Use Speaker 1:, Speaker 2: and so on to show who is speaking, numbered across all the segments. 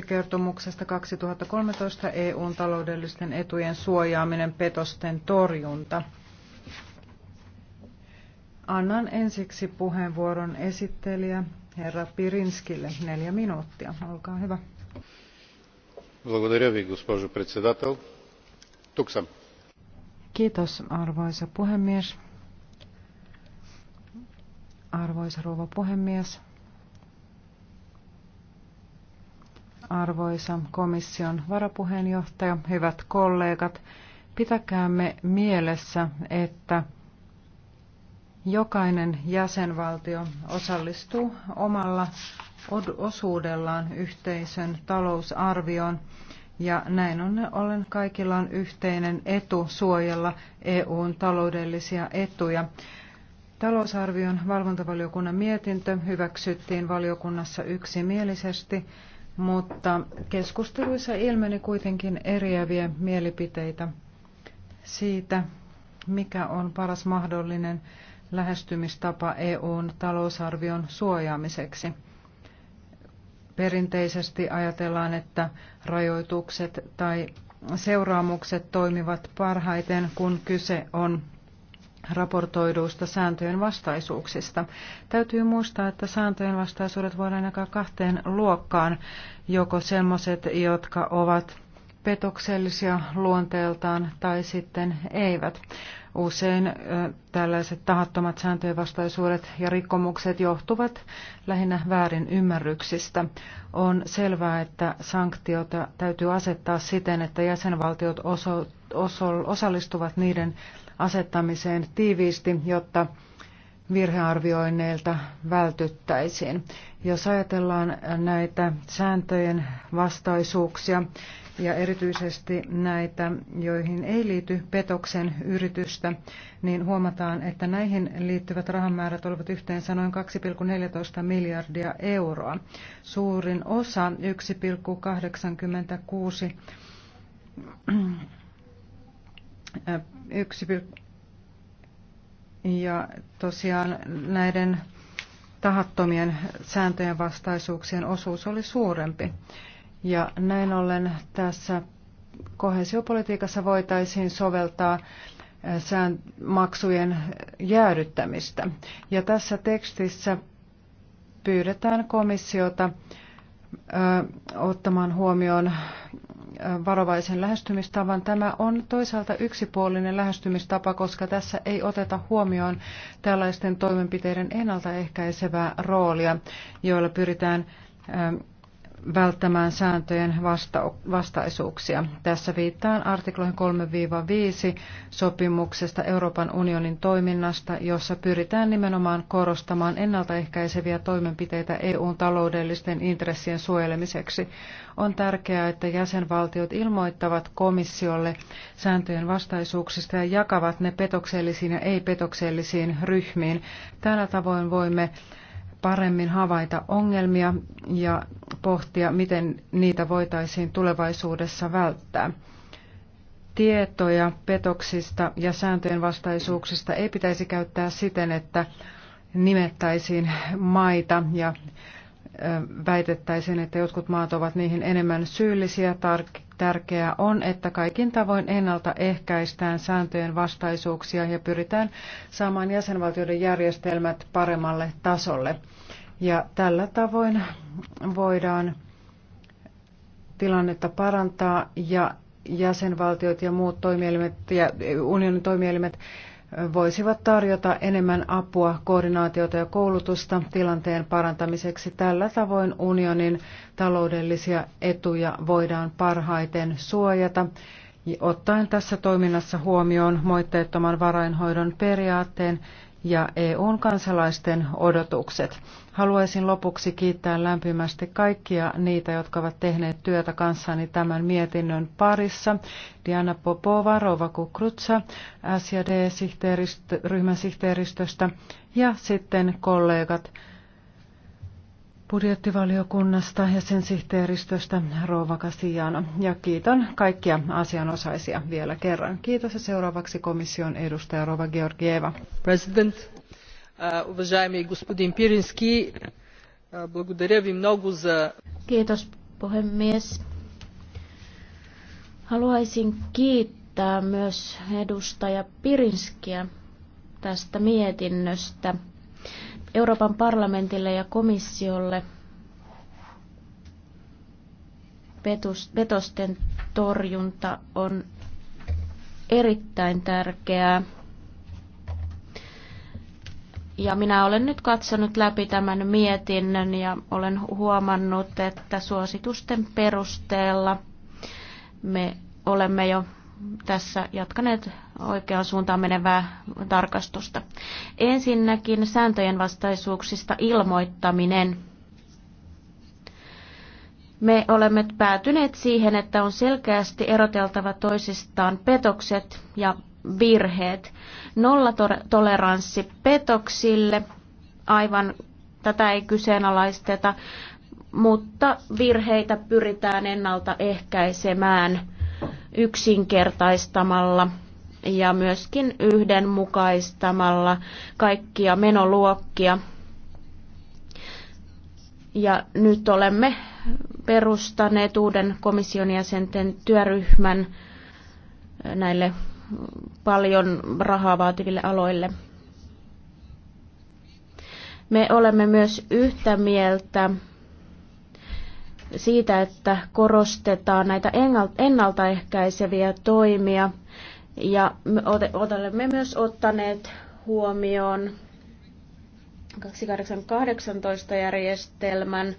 Speaker 1: vuosikertomuksesta 2013 EUn taloudellisten etujen suojaaminen petosten torjunta. Annan ensiksi puheenvuoron esittelijä herra Pirinskille. Neljä minuuttia. Olkaa hyvä. Kiitos, arvoisa puhemies. Arvoisa rouva puhemies, Arvoisa komission varapuheenjohtaja, hyvät kollegat, pitäkäämme mielessä, että jokainen jäsenvaltio osallistuu omalla osuudellaan yhteisön talousarvioon ja näin on ollen kaikilla on yhteinen etu suojella EUn taloudellisia etuja. Talousarvion valvontavaliokunnan mietintö hyväksyttiin valiokunnassa yksimielisesti mutta keskusteluissa ilmeni kuitenkin eriäviä mielipiteitä siitä, mikä on paras mahdollinen lähestymistapa EUn talousarvion suojaamiseksi. Perinteisesti ajatellaan, että rajoitukset tai seuraamukset toimivat parhaiten, kun kyse on raportoiduista sääntöjen vastaisuuksista. Täytyy muistaa, että sääntöjen vastaisuudet voidaan jakaa kahteen luokkaan, joko sellaiset, jotka ovat petoksellisia luonteeltaan tai sitten eivät. Usein tällaiset tahattomat sääntöjen vastaisuudet ja rikkomukset johtuvat lähinnä väärin ymmärryksistä. On selvää, että sanktiota täytyy asettaa siten, että jäsenvaltiot osallistuvat niiden asettamiseen tiiviisti, jotta virhearvioinneilta vältyttäisiin. Jos ajatellaan näitä sääntöjen vastaisuuksia ja erityisesti näitä, joihin ei liity petoksen yritystä, niin huomataan, että näihin liittyvät rahamäärät olivat yhteensä noin 2,14 miljardia euroa. Suurin osa 1,86 Yksi ja tosiaan näiden tahattomien sääntöjen vastaisuuksien osuus oli suurempi. Ja näin ollen tässä kohesiopolitiikassa voitaisiin soveltaa sään maksujen jäädyttämistä. Ja tässä tekstissä pyydetään komissiota ö, ottamaan huomioon varovaisen lähestymistavan. Tämä on toisaalta yksipuolinen lähestymistapa, koska tässä ei oteta huomioon tällaisten toimenpiteiden ennaltaehkäisevää roolia, joilla pyritään välttämään sääntöjen vasta- vastaisuuksia. Tässä viittaan artikloihin 3-5 sopimuksesta Euroopan unionin toiminnasta, jossa pyritään nimenomaan korostamaan ennaltaehkäiseviä toimenpiteitä EUn taloudellisten intressien suojelemiseksi. On tärkeää, että jäsenvaltiot ilmoittavat komissiolle sääntöjen vastaisuuksista ja jakavat ne petoksellisiin ja ei-petoksellisiin ryhmiin. Tällä tavoin voimme paremmin havaita ongelmia ja pohtia, miten niitä voitaisiin tulevaisuudessa välttää. Tietoja petoksista ja sääntöjen vastaisuuksista ei pitäisi käyttää siten, että nimettäisiin maita ja väitettäisiin, että jotkut maat ovat niihin enemmän syyllisiä. Tärkeää on, että kaikin tavoin ennaltaehkäistään sääntöjen vastaisuuksia ja pyritään saamaan jäsenvaltioiden järjestelmät paremmalle tasolle. Ja tällä tavoin voidaan tilannetta parantaa ja jäsenvaltiot ja muut toimielimet ja unionin toimielimet voisivat tarjota enemmän apua, koordinaatiota ja koulutusta tilanteen parantamiseksi. Tällä tavoin unionin taloudellisia etuja voidaan parhaiten suojata, ottaen tässä toiminnassa huomioon moitteettoman varainhoidon periaatteen ja EUn kansalaisten odotukset. Haluaisin lopuksi kiittää lämpimästi kaikkia niitä, jotka ovat tehneet työtä kanssani tämän mietinnön parissa. Diana Popova, Rova Kukrutsa, SJD-ryhmän sihteeristöstä ja sitten kollegat budjettivaliokunnasta ja sen sihteeristöstä Rouva Kasijana. Ja kiitän kaikkia asianosaisia vielä kerran. Kiitos ja seuraavaksi komission edustaja rova Georgieva. President, uh, уважаемый господин Пиринский, uh, благодаря ви много за...
Speaker 2: Kiitos puhemies. Haluaisin kiittää myös edustaja Pirinskiä tästä mietinnöstä. Euroopan parlamentille ja komissiolle petosten torjunta on erittäin tärkeää. Ja minä olen nyt katsonut läpi tämän mietinnön ja olen huomannut, että suositusten perusteella me olemme jo tässä jatkaneet oikeaan suuntaan menevää tarkastusta. Ensinnäkin sääntöjen vastaisuuksista ilmoittaminen. Me olemme päätyneet siihen, että on selkeästi eroteltava toisistaan petokset ja virheet. Nollatoleranssi petoksille, aivan tätä ei kyseenalaisteta, mutta virheitä pyritään ennaltaehkäisemään yksinkertaistamalla ja myöskin yhdenmukaistamalla kaikkia menoluokkia. Ja nyt olemme perustaneet uuden komission jäsenten työryhmän näille paljon rahaa vaativille aloille. Me olemme myös yhtä mieltä siitä, että korostetaan näitä ennaltaehkäiseviä toimia. Ja olemme myös ottaneet huomioon 2818 järjestelmän,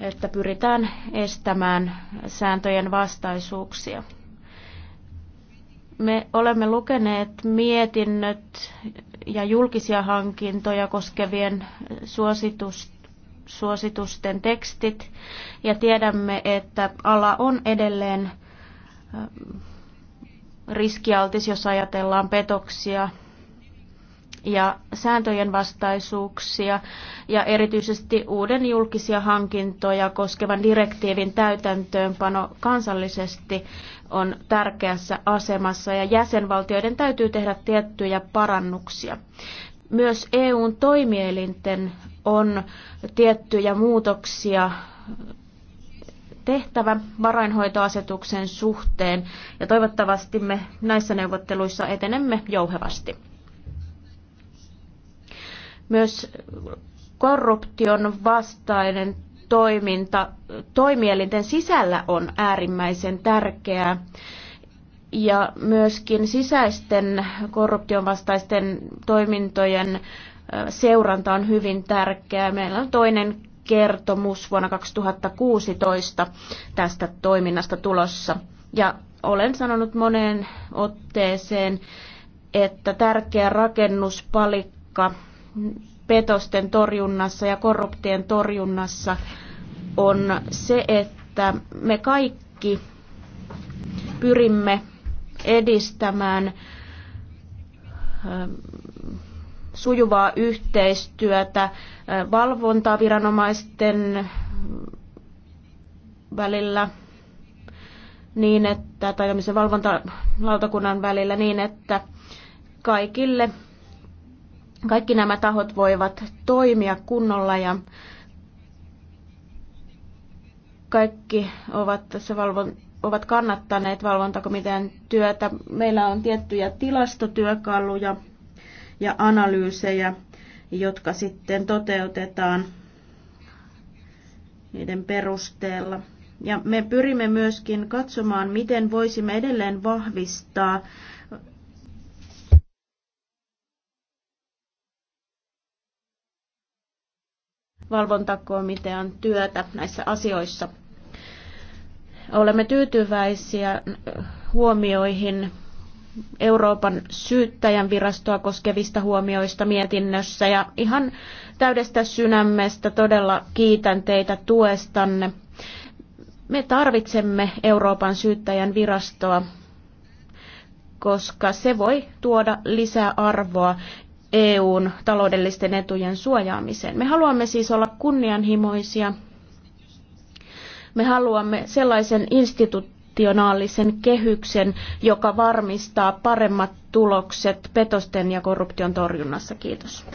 Speaker 2: että pyritään estämään sääntöjen vastaisuuksia. Me olemme lukeneet mietinnöt ja julkisia hankintoja koskevien suositusten suositusten tekstit ja tiedämme, että ala on edelleen ähm, riskialtis, jos ajatellaan petoksia ja sääntöjen vastaisuuksia ja erityisesti uuden julkisia hankintoja koskevan direktiivin täytäntöönpano kansallisesti on tärkeässä asemassa ja jäsenvaltioiden täytyy tehdä tiettyjä parannuksia. Myös EUn toimielinten on tiettyjä muutoksia tehtävä varainhoitoasetuksen suhteen ja toivottavasti me näissä neuvotteluissa etenemme jouhevasti. Myös korruption vastainen toiminta toimielinten sisällä on äärimmäisen tärkeää ja myöskin sisäisten korruption vastaisten toimintojen seuranta on hyvin tärkeää. Meillä on toinen kertomus vuonna 2016 tästä toiminnasta tulossa. Ja olen sanonut moneen otteeseen, että tärkeä rakennuspalikka petosten torjunnassa ja korruptien torjunnassa on se, että me kaikki pyrimme edistämään sujuvaa yhteistyötä valvontaa viranomaisten välillä niin, että, tai tämmöisen valvontalautakunnan välillä niin, että kaikille, kaikki nämä tahot voivat toimia kunnolla ja kaikki ovat tässä valvon, ovat kannattaneet valvontakomitean työtä. Meillä on tiettyjä tilastotyökaluja, ja analyysejä, jotka sitten toteutetaan niiden perusteella. Ja me pyrimme myöskin katsomaan, miten voisimme edelleen vahvistaa valvontakomitean työtä näissä asioissa. Olemme tyytyväisiä huomioihin Euroopan syyttäjän virastoa koskevista huomioista mietinnössä ja ihan täydestä sydämestä todella kiitän teitä tuestanne. Me tarvitsemme Euroopan syyttäjän virastoa, koska se voi tuoda lisää arvoa EUn taloudellisten etujen suojaamiseen. Me haluamme siis olla kunnianhimoisia. Me haluamme sellaisen instituutin, institutionaalisen kehyksen, joka varmistaa paremmat tulokset petosten ja korruption torjunnassa. Kiitos.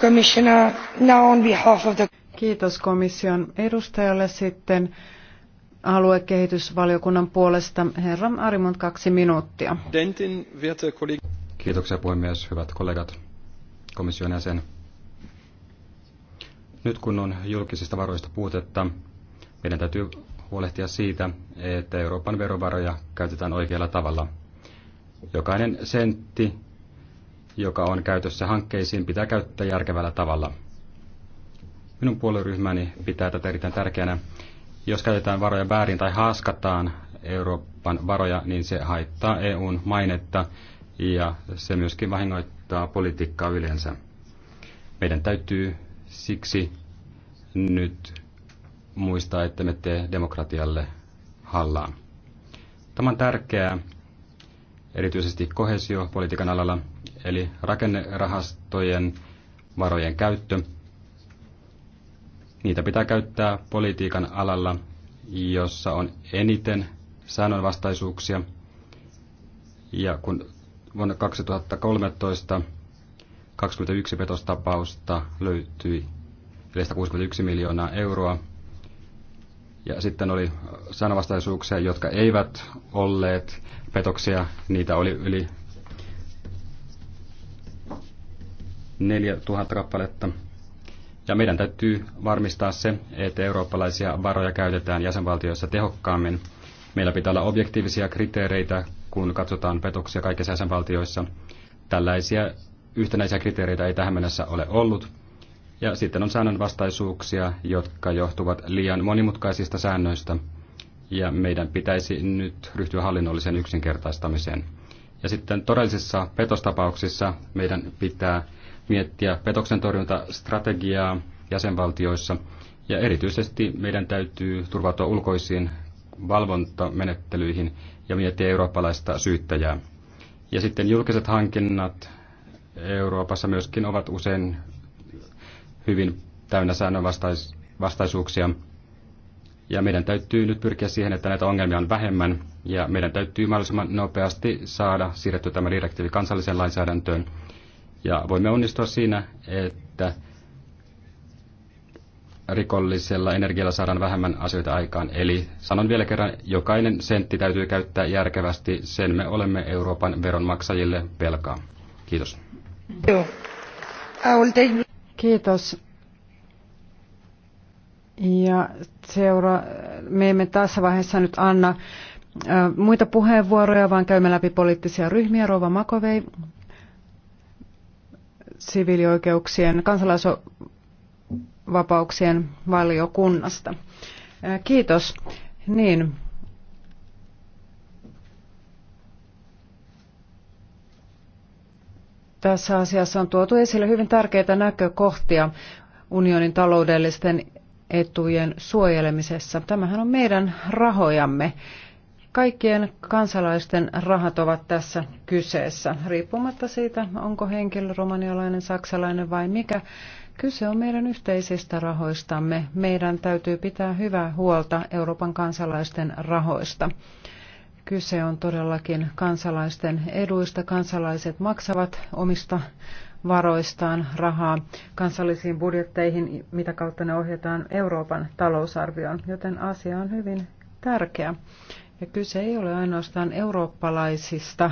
Speaker 1: Kiitos komission edustajalle sitten aluekehitysvaliokunnan puolesta. Herra Arimont, kaksi minuuttia.
Speaker 3: Kiitoksia puhemies, hyvät kollegat, komission jäsen. Nyt kun on julkisista varoista puutetta, meidän täytyy huolehtia siitä, että Euroopan verovaroja käytetään oikealla tavalla. Jokainen sentti, joka on käytössä hankkeisiin, pitää käyttää järkevällä tavalla. Minun puolueryhmäni pitää tätä erittäin tärkeänä. Jos käytetään varoja väärin tai haaskataan Euroopan varoja, niin se haittaa EUn mainetta ja se myöskin vahingoittaa politiikkaa yleensä. Meidän täytyy siksi nyt muistaa, että me tee demokratialle hallaa. Tämä on tärkeää erityisesti kohesiopolitiikan alalla, eli rakennerahastojen varojen käyttö. Niitä pitää käyttää politiikan alalla, jossa on eniten säännönvastaisuuksia. Ja kun vuonna 2013 21 petostapausta löytyi 461 miljoonaa euroa ja sitten oli sanavastaisuuksia, jotka eivät olleet petoksia. Niitä oli yli 4000 kappaletta. Ja meidän täytyy varmistaa se, että eurooppalaisia varoja käytetään jäsenvaltioissa tehokkaammin. Meillä pitää olla objektiivisia kriteereitä, kun katsotaan petoksia kaikissa jäsenvaltioissa. Tällaisia yhtenäisiä kriteereitä ei tähän mennessä ole ollut. Ja sitten on säännönvastaisuuksia, jotka johtuvat liian monimutkaisista säännöistä, ja meidän pitäisi nyt ryhtyä hallinnolliseen yksinkertaistamiseen. Ja sitten todellisissa petostapauksissa meidän pitää miettiä petoksen torjuntastrategiaa jäsenvaltioissa, ja erityisesti meidän täytyy turvautua ulkoisiin valvontamenettelyihin ja miettiä eurooppalaista syyttäjää. Ja sitten julkiset hankinnat Euroopassa myöskin ovat usein hyvin täynnä säännönvastaisuuksia. Ja meidän täytyy nyt pyrkiä siihen, että näitä ongelmia on vähemmän, ja meidän täytyy mahdollisimman nopeasti saada siirretty tämä direktiivi kansalliseen lainsäädäntöön. Ja voimme onnistua siinä, että rikollisella energialla saadaan vähemmän asioita aikaan. Eli sanon vielä kerran, jokainen sentti täytyy käyttää järkevästi, sen me olemme Euroopan veronmaksajille velkaa. Kiitos.
Speaker 1: Joo. Kiitos. Ja seura, me emme tässä vaiheessa nyt anna muita puheenvuoroja, vaan käymme läpi poliittisia ryhmiä. Rova Makovei, siviilioikeuksien, kansalaisvapauksien valiokunnasta. Kiitos. Niin, Tässä asiassa on tuotu esille hyvin tärkeitä näkökohtia unionin taloudellisten etujen suojelemisessa. Tämähän on meidän rahojamme. Kaikkien kansalaisten rahat ovat tässä kyseessä, riippumatta siitä, onko henkilö romanialainen, saksalainen vai mikä. Kyse on meidän yhteisistä rahoistamme. Meidän täytyy pitää hyvää huolta Euroopan kansalaisten rahoista. Kyse on todellakin kansalaisten eduista. Kansalaiset maksavat omista varoistaan rahaa kansallisiin budjetteihin, mitä kautta ne ohjataan Euroopan talousarvioon, joten asia on hyvin tärkeä. Ja kyse ei ole ainoastaan eurooppalaisista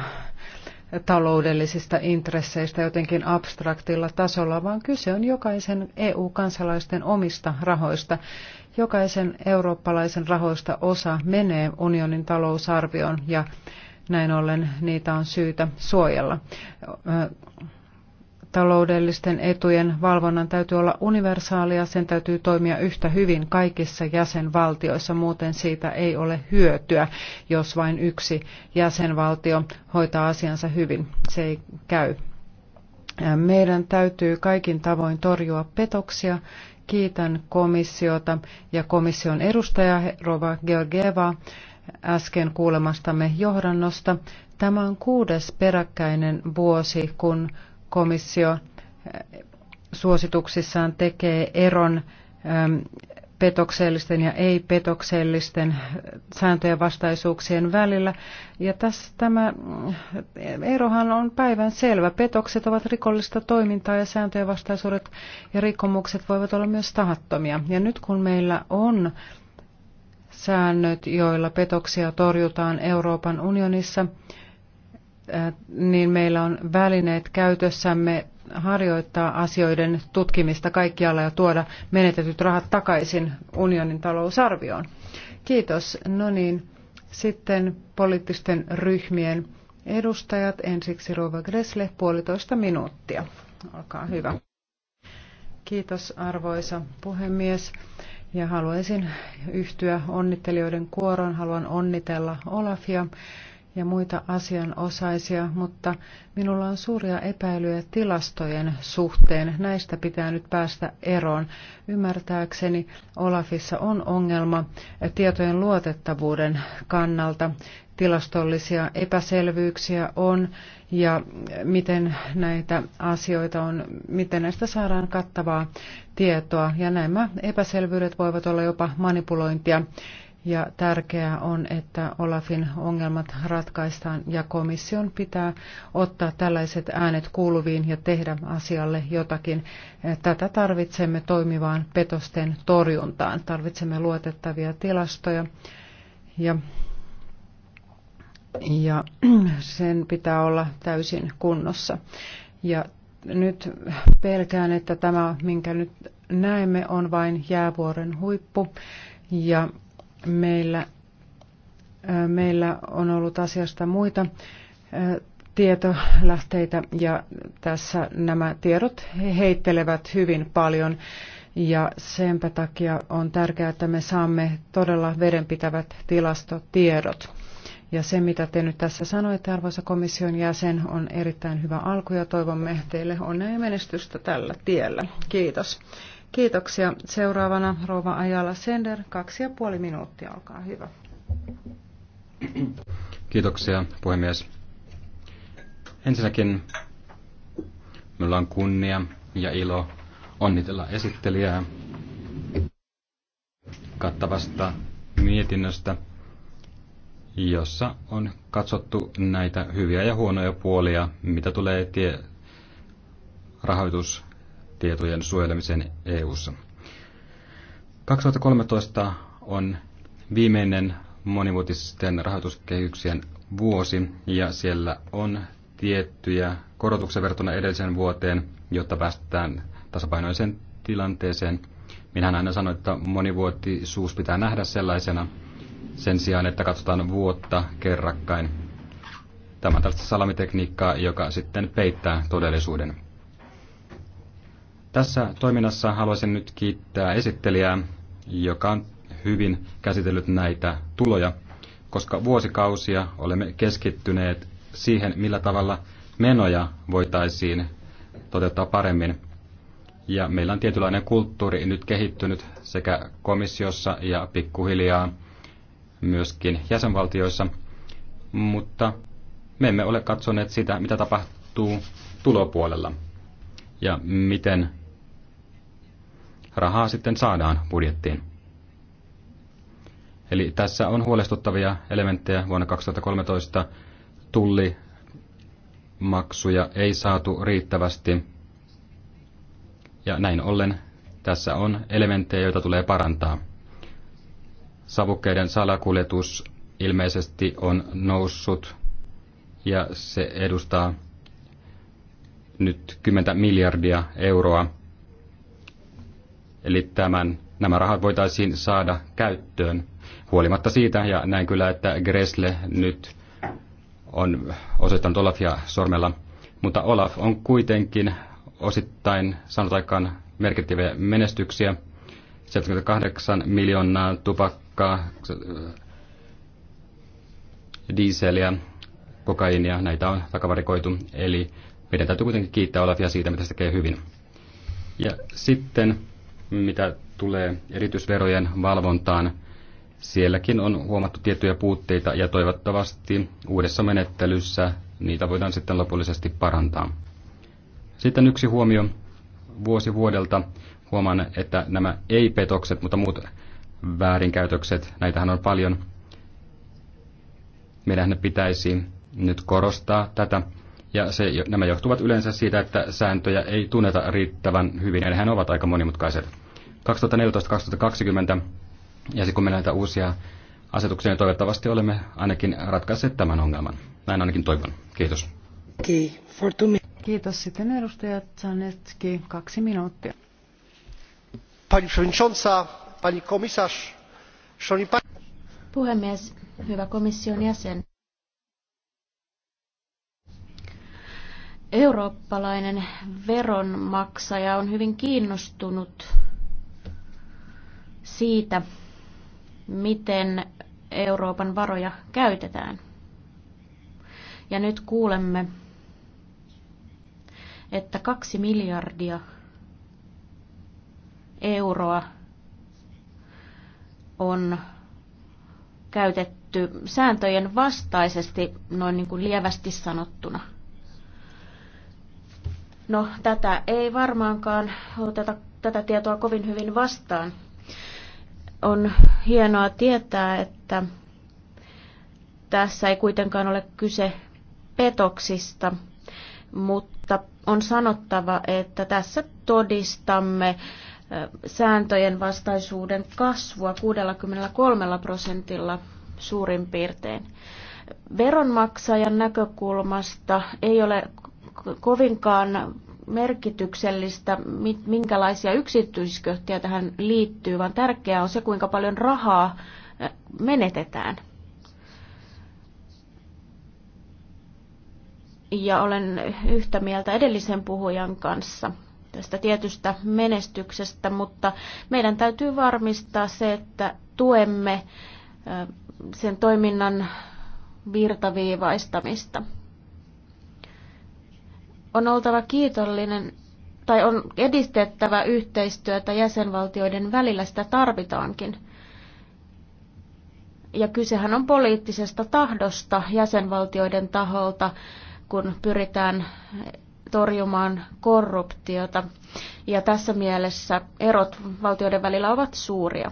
Speaker 1: taloudellisista intresseistä jotenkin abstraktilla tasolla, vaan kyse on jokaisen EU-kansalaisten omista rahoista. Jokaisen eurooppalaisen rahoista osa menee unionin talousarvioon ja näin ollen niitä on syytä suojella. Taloudellisten etujen valvonnan täytyy olla universaalia, sen täytyy toimia yhtä hyvin kaikissa jäsenvaltioissa, muuten siitä ei ole hyötyä, jos vain yksi jäsenvaltio hoitaa asiansa hyvin. Se ei käy. Meidän täytyy kaikin tavoin torjua petoksia Kiitän komissiota ja komission edustaja Rova Georgieva äsken kuulemastamme johdannosta. Tämä on kuudes peräkkäinen vuosi, kun komissio eh, suosituksissaan tekee eron ehm, petoksellisten ja ei-petoksellisten sääntöjen vastaisuuksien välillä. Ja tässä tämä erohan on päivän selvä. Petokset ovat rikollista toimintaa ja sääntöjen vastaisuudet ja rikkomukset voivat olla myös tahattomia. Ja nyt kun meillä on säännöt, joilla petoksia torjutaan Euroopan unionissa, Äh, niin meillä on välineet käytössämme harjoittaa asioiden tutkimista kaikkialla ja tuoda menetetyt rahat takaisin unionin talousarvioon. Kiitos. No niin, sitten poliittisten ryhmien edustajat. Ensiksi Rova Gressle, puolitoista minuuttia. Olkaa hyvä. Kiitos arvoisa puhemies. Ja haluaisin yhtyä onnittelijoiden kuoroon. Haluan onnitella Olafia ja muita asianosaisia, mutta minulla on suuria epäilyjä tilastojen suhteen. Näistä pitää nyt päästä eroon. Ymmärtääkseni Olafissa on ongelma tietojen luotettavuuden kannalta. Tilastollisia epäselvyyksiä on ja miten näitä asioita on, miten näistä saadaan kattavaa tietoa. Ja nämä epäselvyydet voivat olla jopa manipulointia ja tärkeää on, että Olafin ongelmat ratkaistaan ja komission pitää ottaa tällaiset äänet kuuluviin ja tehdä asialle jotakin. Tätä tarvitsemme toimivaan petosten torjuntaan. Tarvitsemme luotettavia tilastoja ja, ja sen pitää olla täysin kunnossa. Ja nyt pelkään, että tämä, minkä nyt näemme, on vain jäävuoren huippu. Ja Meillä, meillä on ollut asiasta muita tietolähteitä ja tässä nämä tiedot heittelevät hyvin paljon ja senpä takia on tärkeää, että me saamme todella vedenpitävät tilastotiedot. Ja se, mitä te nyt tässä sanoitte, arvoisa komission jäsen, on erittäin hyvä alku ja toivomme teille onnea ja menestystä tällä tiellä. Kiitos. Kiitoksia. Seuraavana Rova Ajala Sender, kaksi ja puoli minuuttia, olkaa hyvä.
Speaker 3: Kiitoksia, puhemies. Ensinnäkin minulla on kunnia ja ilo onnitella esittelijää kattavasta mietinnöstä, jossa on katsottu näitä hyviä ja huonoja puolia, mitä tulee tie rahoitus tietojen suojelemisen EU-ssa. 2013 on viimeinen monivuotisten rahoituskehyksien vuosi ja siellä on tiettyjä korotuksen verrattuna edellisen vuoteen, jotta päästään tasapainoiseen tilanteeseen. Minähän aina sanoin, että monivuotisuus pitää nähdä sellaisena sen sijaan, että katsotaan vuotta kerrakkain. Tämä on tällaista salamitekniikkaa, joka sitten peittää todellisuuden. Tässä toiminnassa haluaisin nyt kiittää esittelijää, joka on hyvin käsitellyt näitä tuloja, koska vuosikausia olemme keskittyneet siihen, millä tavalla menoja voitaisiin toteuttaa paremmin. Ja meillä on tietynlainen kulttuuri nyt kehittynyt sekä komissiossa ja pikkuhiljaa myöskin jäsenvaltioissa, mutta me emme ole katsoneet sitä, mitä tapahtuu tulopuolella ja miten rahaa sitten saadaan budjettiin. Eli tässä on huolestuttavia elementtejä vuonna 2013. Tulli maksuja ei saatu riittävästi. Ja näin ollen tässä on elementtejä, joita tulee parantaa. Savukkeiden salakuljetus ilmeisesti on noussut ja se edustaa nyt 10 miljardia euroa Eli tämän, nämä rahat voitaisiin saada käyttöön huolimatta siitä, ja näin kyllä, että Gresle nyt on osoittanut Olafia sormella, mutta Olaf on kuitenkin osittain saanut aikaan merkittäviä menestyksiä. 78 miljoonaa tupakkaa, äh, dieseliä, kokaiinia, näitä on takavarikoitu. Eli meidän täytyy kuitenkin kiittää Olafia siitä, mitä se tekee hyvin. Ja sitten mitä tulee erityisverojen valvontaan, sielläkin on huomattu tiettyjä puutteita ja toivottavasti uudessa menettelyssä niitä voidaan sitten lopullisesti parantaa. Sitten yksi huomio vuosi vuodelta. Huomaan, että nämä ei-petokset, mutta muut väärinkäytökset, näitähän on paljon. Meidän pitäisi nyt korostaa tätä. Ja se, nämä johtuvat yleensä siitä, että sääntöjä ei tunneta riittävän hyvin, ja nehän ovat aika monimutkaiset. 2014-2020. Ja sitten kun meillä näitä uusia asetuksia, niin toivottavasti olemme ainakin ratkaisseet tämän ongelman. Näin ainakin toivon. Kiitos.
Speaker 1: Kiitos. Sitten edustaja Zanetski, kaksi minuuttia.
Speaker 4: Pani przewodnicząca, pani komisarz, szanowni
Speaker 2: Puhemies, hyvä komission jäsen. Eurooppalainen veronmaksaja on hyvin kiinnostunut siitä, miten Euroopan varoja käytetään. Ja nyt kuulemme, että kaksi miljardia euroa on käytetty sääntöjen vastaisesti, noin niin kuin lievästi sanottuna. No, tätä ei varmaankaan oteta tätä tietoa kovin hyvin vastaan on hienoa tietää, että tässä ei kuitenkaan ole kyse petoksista, mutta on sanottava, että tässä todistamme sääntöjen vastaisuuden kasvua 63 prosentilla suurin piirtein. Veronmaksajan näkökulmasta ei ole kovinkaan merkityksellistä, minkälaisia yksityiskohtia tähän liittyy, vaan tärkeää on se, kuinka paljon rahaa eh, menetetään. Ja olen yhtä mieltä edellisen puhujan kanssa tästä tietystä menestyksestä, mutta meidän täytyy varmistaa se, että tuemme eh, sen toiminnan virtaviivaistamista on oltava kiitollinen tai on edistettävä yhteistyötä jäsenvaltioiden välillä, sitä tarvitaankin. Ja kysehän on poliittisesta tahdosta jäsenvaltioiden taholta, kun pyritään torjumaan korruptiota. Ja tässä mielessä erot valtioiden välillä ovat suuria.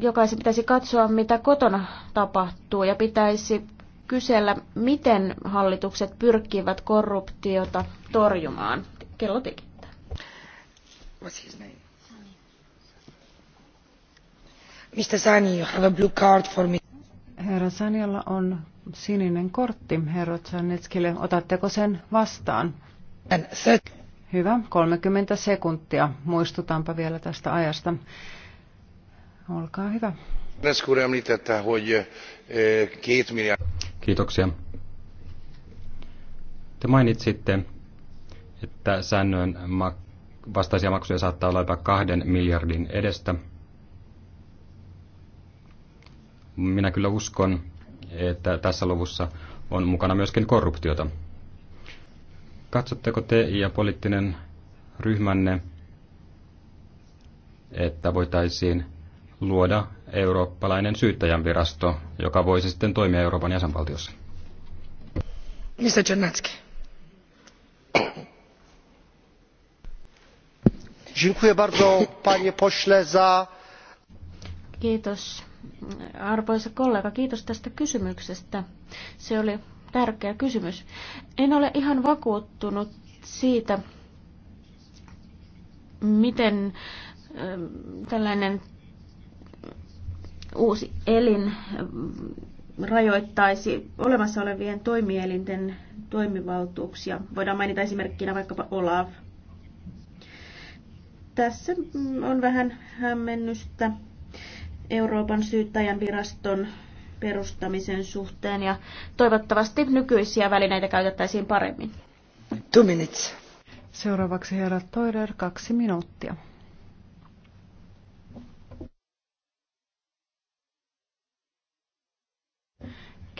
Speaker 2: Jokaisen pitäisi katsoa, mitä kotona tapahtuu, ja pitäisi kysellä, miten hallitukset pyrkivät korruptiota torjumaan. Kello tikittää. What's his name? Mr.
Speaker 1: Sani, you have a blue card for me. Herra Sanjalla on sininen kortti. Herra Zanetskille, otatteko sen vastaan? Hyvä, 30 sekuntia. Muistutaanpa vielä tästä ajasta. Olkaa hyvä.
Speaker 4: Neskuri említette, hogy eh, két
Speaker 3: Kiitoksia. Te mainitsitte, että säännön vastaisia maksuja saattaa olla jopa kahden miljardin edestä. Minä kyllä uskon, että tässä luvussa on mukana myöskin korruptiota. Katsotteko te ja poliittinen ryhmänne, että voitaisiin luoda eurooppalainen syyttäjänvirasto, joka voisi sitten toimia Euroopan jäsenvaltiossa.
Speaker 4: Mr. Czernacki. Dziękuję bardzo, panie pośle, za...
Speaker 2: Kiitos. Arvoisa kollega, kiitos tästä kysymyksestä. Se oli tärkeä kysymys. En ole ihan vakuuttunut siitä, miten tällainen uusi elin rajoittaisi olemassa olevien toimielinten toimivaltuuksia. Voidaan mainita esimerkkinä vaikkapa Olaf. Tässä on vähän hämmennystä Euroopan syyttäjän viraston perustamisen suhteen ja toivottavasti nykyisiä välineitä käytettäisiin paremmin.
Speaker 1: Two minutes. Seuraavaksi herra Toider, kaksi minuuttia.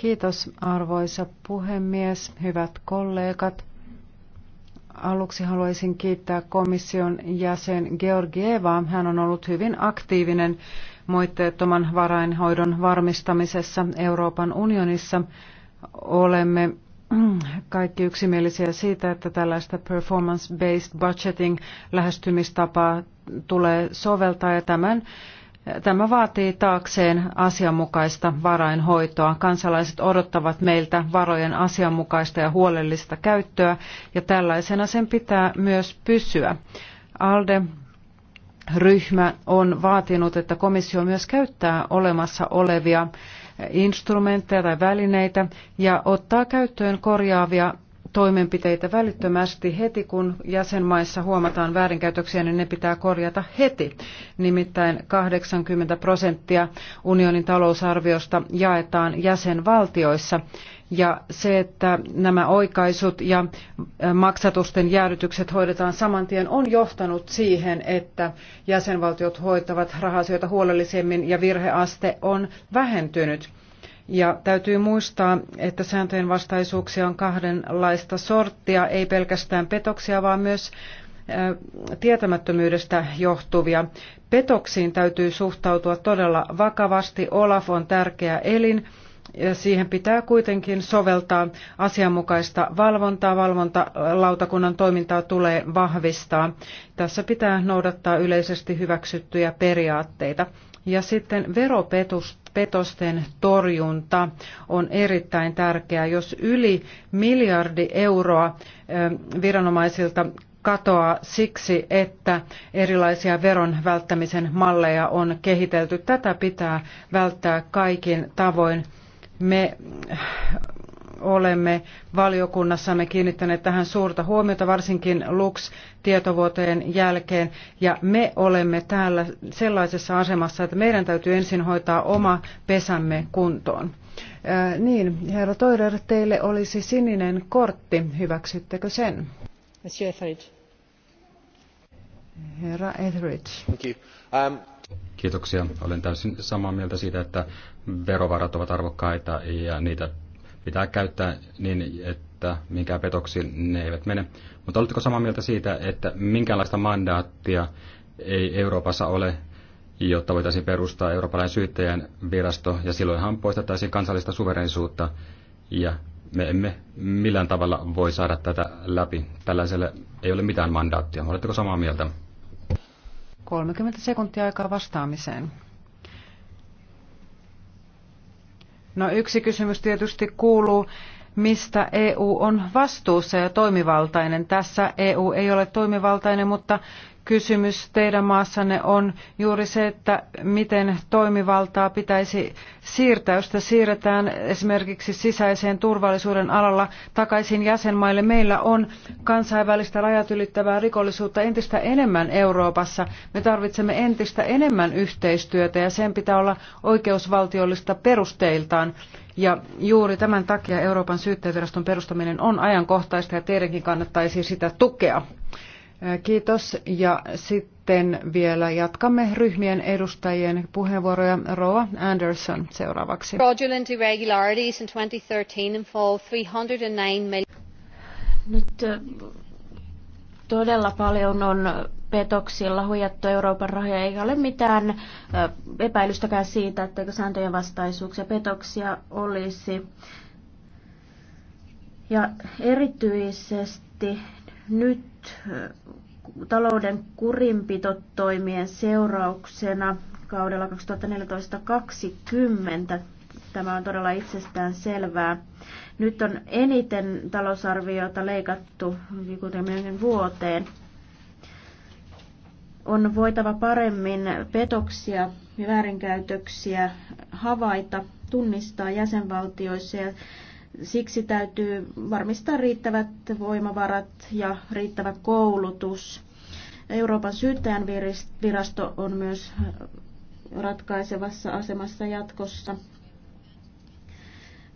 Speaker 1: Kiitos arvoisa puhemies, hyvät kollegat. Aluksi haluaisin kiittää komission jäsen Georgieva. Hän on ollut hyvin aktiivinen moitteettoman varainhoidon varmistamisessa Euroopan unionissa. Olemme kaikki yksimielisiä siitä, että tällaista performance-based budgeting lähestymistapaa tulee soveltaa ja tämän Tämä vaatii taakseen asianmukaista varainhoitoa. Kansalaiset odottavat meiltä varojen asianmukaista ja huolellista käyttöä ja tällaisena sen pitää myös pysyä. ALDE ryhmä on vaatinut, että komissio myös käyttää olemassa olevia instrumentteja tai välineitä ja ottaa käyttöön korjaavia toimenpiteitä välittömästi heti, kun jäsenmaissa huomataan väärinkäytöksiä, niin ne pitää korjata heti. Nimittäin 80 prosenttia unionin talousarviosta jaetaan jäsenvaltioissa. Ja se, että nämä oikaisut ja maksatusten jäädytykset hoidetaan saman tien, on johtanut siihen, että jäsenvaltiot hoitavat rahasioita huolellisemmin ja virheaste on vähentynyt. Ja täytyy muistaa, että sääntöjen vastaisuuksia on kahdenlaista sorttia, ei pelkästään petoksia, vaan myös tietämättömyydestä johtuvia. Petoksiin täytyy suhtautua todella vakavasti. Olaf on tärkeä elin ja siihen pitää kuitenkin soveltaa asianmukaista valvontaa. Valvontalautakunnan toimintaa tulee vahvistaa. Tässä pitää noudattaa yleisesti hyväksyttyjä periaatteita. Ja sitten veropetusta petosten torjunta on erittäin tärkeää. Jos yli miljardi euroa ähm, viranomaisilta katoaa siksi, että erilaisia veron välttämisen malleja on kehitelty. Tätä pitää välttää kaikin tavoin. Me olemme valiokunnassamme kiinnittäneet tähän suurta huomiota, varsinkin Lux-tietovuotojen jälkeen. Ja me olemme täällä sellaisessa asemassa, että meidän täytyy ensin hoitaa oma pesämme kuntoon. Ää, niin, herra Toider, teille olisi sininen kortti. Hyväksyttekö sen? Monsieur Etheridge. Herra Etheridge. Thank
Speaker 3: you. Um... Kiitoksia. Olen täysin samaa mieltä siitä, että verovarat ovat arvokkaita ja niitä pitää käyttää niin, että minkään petoksiin ne eivät mene. Mutta oletteko samaa mieltä siitä, että minkälaista mandaattia ei Euroopassa ole, jotta voitaisiin perustaa eurooppalainen syyttäjän virasto, ja silloinhan poistettaisiin kansallista suverenisuutta, ja me emme millään tavalla voi saada tätä läpi. Tällaiselle ei ole mitään mandaattia. Oletteko samaa mieltä?
Speaker 1: 30 sekuntia aikaa vastaamiseen. No yksi kysymys tietysti kuuluu, mistä EU on vastuussa ja toimivaltainen. Tässä EU ei ole toimivaltainen, mutta kysymys teidän maassanne on juuri se, että miten toimivaltaa pitäisi siirtää, jos sitä siirretään esimerkiksi sisäiseen turvallisuuden alalla takaisin jäsenmaille. Meillä on kansainvälistä rajat ylittävää rikollisuutta entistä enemmän Euroopassa. Me tarvitsemme entistä enemmän yhteistyötä ja sen pitää olla oikeusvaltiollista perusteiltaan. Ja juuri tämän takia Euroopan syyttäjäviraston perustaminen on ajankohtaista ja teidänkin kannattaisi sitä tukea. Kiitos. Ja sitten vielä jatkamme ryhmien edustajien puheenvuoroja. Roa Anderson
Speaker 2: seuraavaksi. Fraudulent irregularities in 2013 and fall 309 million. Nyt todella paljon on petoksilla huijattu Euroopan rahoja, eikä ole mitään epäilystäkään siitä, etteikö sääntöjen vastaisuuksia petoksia olisi. Ja erityisesti nyt Äh, talouden kurinpitotoimien seurauksena kaudella 2014-2020. Tämä on todella itsestään selvää. Nyt on eniten talousarviota leikattu kuten vuoteen. On voitava paremmin petoksia ja väärinkäytöksiä havaita, tunnistaa jäsenvaltioissa ja Siksi täytyy varmistaa riittävät voimavarat ja riittävä koulutus. Euroopan syyttäjän virasto on myös ratkaisevassa asemassa jatkossa.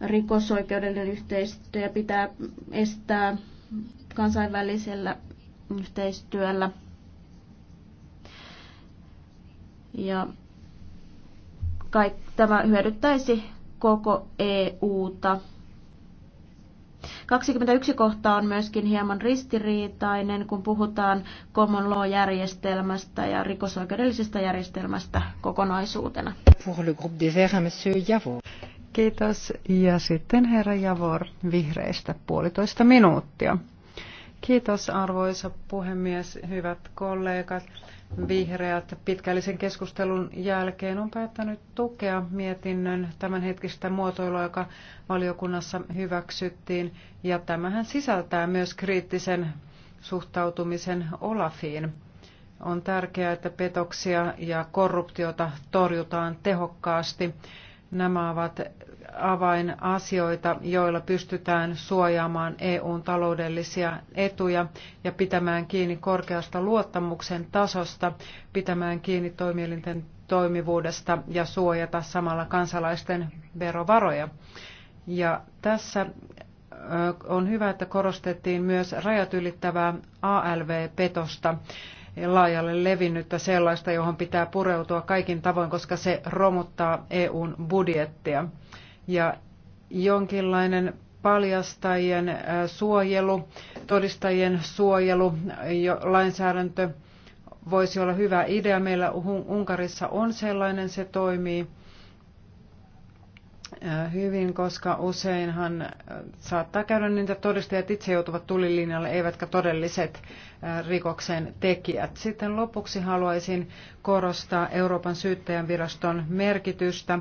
Speaker 2: Rikosoikeudellinen yhteistyö pitää estää kansainvälisellä yhteistyöllä. Ja kaikki, tämä hyödyttäisi koko EUta. 21 kohta on myöskin hieman ristiriitainen, kun puhutaan common law-järjestelmästä ja rikosoikeudellisesta järjestelmästä kokonaisuutena.
Speaker 1: Kiitos. Ja sitten herra Javor vihreistä puolitoista minuuttia. Kiitos arvoisa puhemies, hyvät kollegat. Vihreät pitkällisen keskustelun jälkeen on päättänyt tukea mietinnön tämänhetkistä muotoilua, joka valiokunnassa hyväksyttiin. Ja tämähän sisältää myös kriittisen suhtautumisen Olafiin. On tärkeää, että petoksia ja korruptiota torjutaan tehokkaasti. Nämä ovat avainasioita, joilla pystytään suojaamaan EUn taloudellisia etuja ja pitämään kiinni korkeasta luottamuksen tasosta, pitämään kiinni toimielinten toimivuudesta ja suojata samalla kansalaisten verovaroja. Ja tässä on hyvä, että korostettiin myös rajat ylittävää ALV-petosta laajalle levinnyttä sellaista, johon pitää pureutua kaikin tavoin, koska se romuttaa EUn budjettia ja jonkinlainen paljastajien äh, suojelu, todistajien suojelu, lainsäädäntö voisi olla hyvä idea. Meillä Unkarissa on sellainen, se toimii äh, hyvin, koska useinhan äh, saattaa käydä niin, että todistajat itse joutuvat tulilinjalle, eivätkä todelliset rikoksen tekijät. Sitten lopuksi haluaisin korostaa Euroopan syyttäjän viraston merkitystä.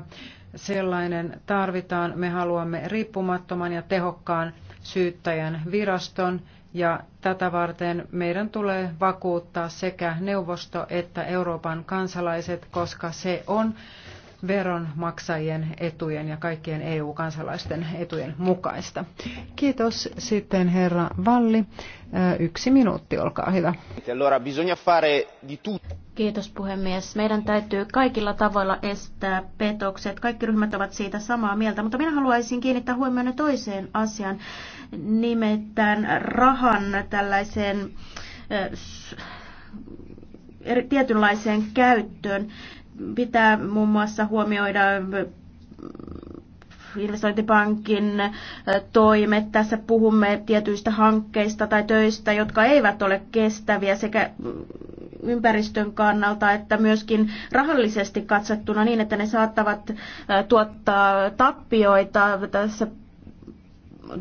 Speaker 1: Sellainen tarvitaan. Me haluamme riippumattoman ja tehokkaan syyttäjän viraston ja tätä varten meidän tulee vakuuttaa sekä neuvosto että Euroopan kansalaiset, koska se on veronmaksajien etujen ja kaikkien EU-kansalaisten etujen mukaista. Kiitos sitten herra Valli. Yksi minuutti, olkaa hyvä.
Speaker 2: Kiitos puhemies. Meidän täytyy kaikilla tavoilla estää petokset. Kaikki ryhmät ovat siitä samaa mieltä, mutta minä haluaisin kiinnittää huomioon toiseen asiaan, nimittäin rahan tällaiseen tietynlaiseen käyttöön pitää muun muassa huomioida mm, investointipankin äh, toimet. Tässä puhumme tietyistä hankkeista tai töistä, jotka eivät ole kestäviä sekä mm, ympäristön kannalta että myöskin rahallisesti katsottuna niin, että ne saattavat äh, tuottaa tappioita. Tässä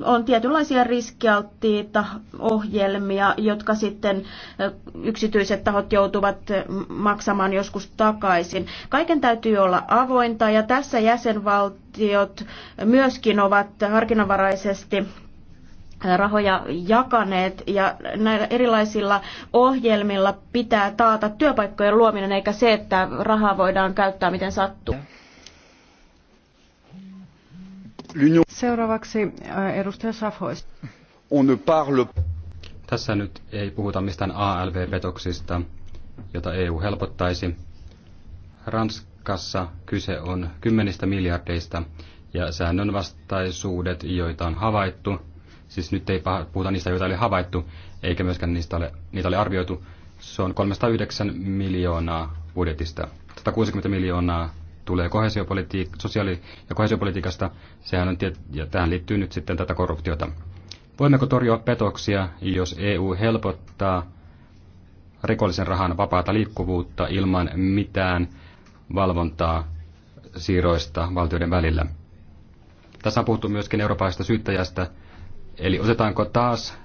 Speaker 2: on tietynlaisia riskialttiita ohjelmia, jotka sitten yksityiset tahot joutuvat maksamaan joskus takaisin. Kaiken täytyy olla avointa ja tässä jäsenvaltiot myöskin ovat harkinnanvaraisesti rahoja jakaneet ja näillä erilaisilla ohjelmilla pitää taata työpaikkojen luominen eikä se, että rahaa voidaan käyttää miten sattuu.
Speaker 1: Seuraavaksi äh, edustaja Safois. On ne
Speaker 4: parle...
Speaker 3: Tässä nyt ei puhuta mistään ALV-petoksista, jota EU helpottaisi. Ranskassa kyse on kymmenistä miljardeista ja säännönvastaisuudet, joita on havaittu, siis nyt ei puhuta niistä, joita oli havaittu, eikä myöskään niistä ole, niitä ole arvioitu, se on 309 miljoonaa budjetista. 160 miljoonaa tulee kohesiopolitiik- sosiaali- ja kohesiopolitiikasta, sehän on tiet- ja tähän liittyy nyt sitten tätä korruptiota. Voimmeko torjua petoksia, jos EU helpottaa rikollisen rahan vapaata liikkuvuutta ilman mitään valvontaa siirroista valtioiden välillä? Tässä on puhuttu myöskin eurooppalaisesta syyttäjästä, eli otetaanko taas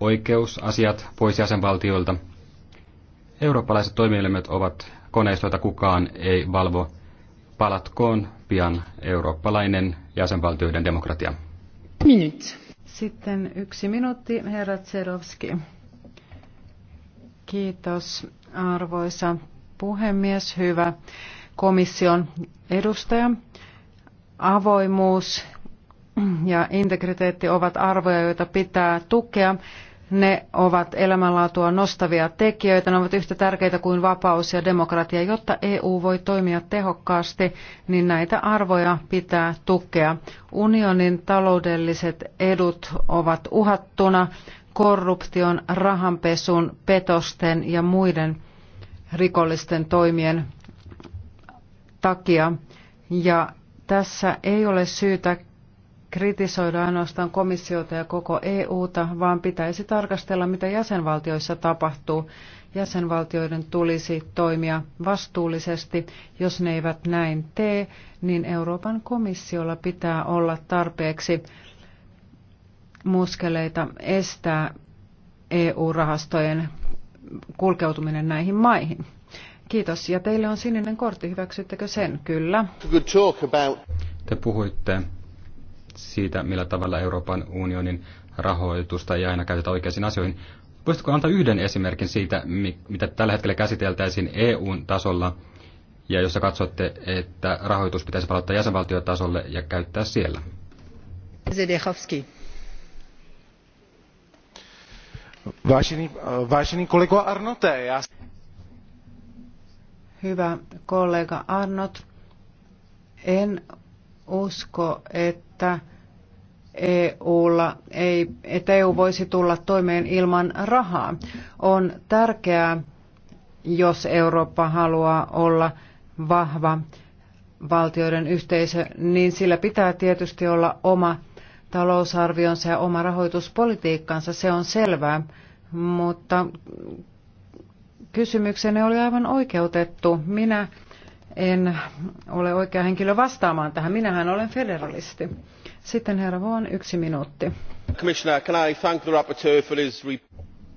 Speaker 3: oikeusasiat pois jäsenvaltioilta? Eurooppalaiset toimielimet ovat koneistoita, kukaan ei valvo palatkoon pian eurooppalainen jäsenvaltioiden demokratia.
Speaker 1: Minut. Sitten yksi minuutti, herra Tserovski. Kiitos, arvoisa puhemies. Hyvä komission edustaja. Avoimuus ja integriteetti ovat arvoja, joita pitää tukea. Ne ovat elämänlaatua nostavia tekijöitä, ne ovat yhtä tärkeitä kuin vapaus ja demokratia. Jotta EU voi toimia tehokkaasti, niin näitä arvoja pitää tukea. Unionin taloudelliset edut ovat uhattuna korruption, rahanpesun, petosten ja muiden rikollisten toimien takia. Ja tässä ei ole syytä kritisoida ainoastaan komissiota ja koko EUta, vaan pitäisi tarkastella, mitä jäsenvaltioissa tapahtuu. Jäsenvaltioiden tulisi toimia vastuullisesti. Jos ne eivät näin tee, niin Euroopan komissiolla pitää olla tarpeeksi muskeleita estää EU-rahastojen kulkeutuminen näihin maihin. Kiitos. Ja teille on sininen kortti. Hyväksyttekö sen? Kyllä.
Speaker 3: Te puhuitte siitä, millä tavalla Euroopan unionin rahoitusta ei aina käytetä oikeisiin asioihin. Voisitko antaa yhden esimerkin siitä, mitä tällä hetkellä käsiteltäisiin EU-tasolla, ja jossa katsotte, että rahoitus pitäisi palauttaa jäsenvaltiotasolle ja käyttää siellä?
Speaker 1: Zedechowski.
Speaker 4: Vážený, vážený kolego Arnote,
Speaker 1: Hyvä kollega Arnot, en usko, että EUlla ei, että EU voisi tulla toimeen ilman rahaa. On tärkeää, jos Eurooppa haluaa olla vahva valtioiden yhteisö, niin sillä pitää tietysti olla oma talousarvionsa ja oma rahoituspolitiikkansa, se on selvää. Mutta kysymyksenne oli aivan oikeutettu. Minä en ole oikea henkilö vastaamaan tähän. Minähän olen federalisti. Sitten herra Vaan, yksi minuutti.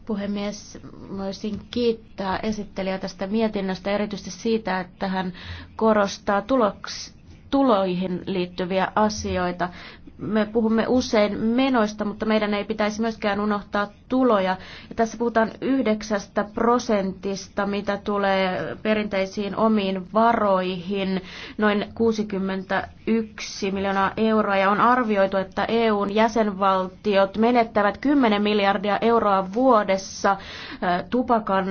Speaker 2: Puhemies, voisin kiittää esittelijä tästä mietinnöstä erityisesti siitä, että hän korostaa tuloks, tuloihin liittyviä asioita me puhumme usein menoista, mutta meidän ei pitäisi myöskään unohtaa tuloja. Ja tässä puhutaan yhdeksästä prosentista, mitä tulee perinteisiin omiin varoihin, noin 61 miljoonaa euroa. Ja on arvioitu, että EUn jäsenvaltiot menettävät 10 miljardia euroa vuodessa tupakan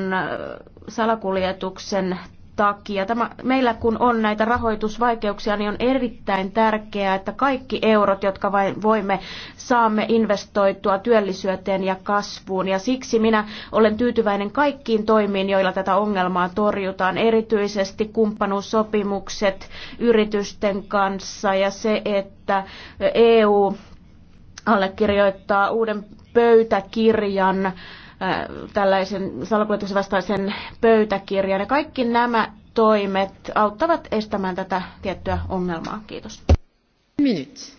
Speaker 2: salakuljetuksen takia. Tämä, meillä kun on näitä rahoitusvaikeuksia, niin on erittäin tärkeää, että kaikki eurot, jotka vain voimme, saamme investoitua työllisyyteen ja kasvuun. Ja siksi minä olen tyytyväinen kaikkiin toimiin, joilla tätä ongelmaa torjutaan, erityisesti kumppanuussopimukset yritysten kanssa ja se, että EU allekirjoittaa uuden pöytäkirjan tällaisen salakuljetuksen vastaisen pöytäkirjan. Ja kaikki nämä toimet auttavat estämään tätä tiettyä ongelmaa. Kiitos.
Speaker 1: Minut.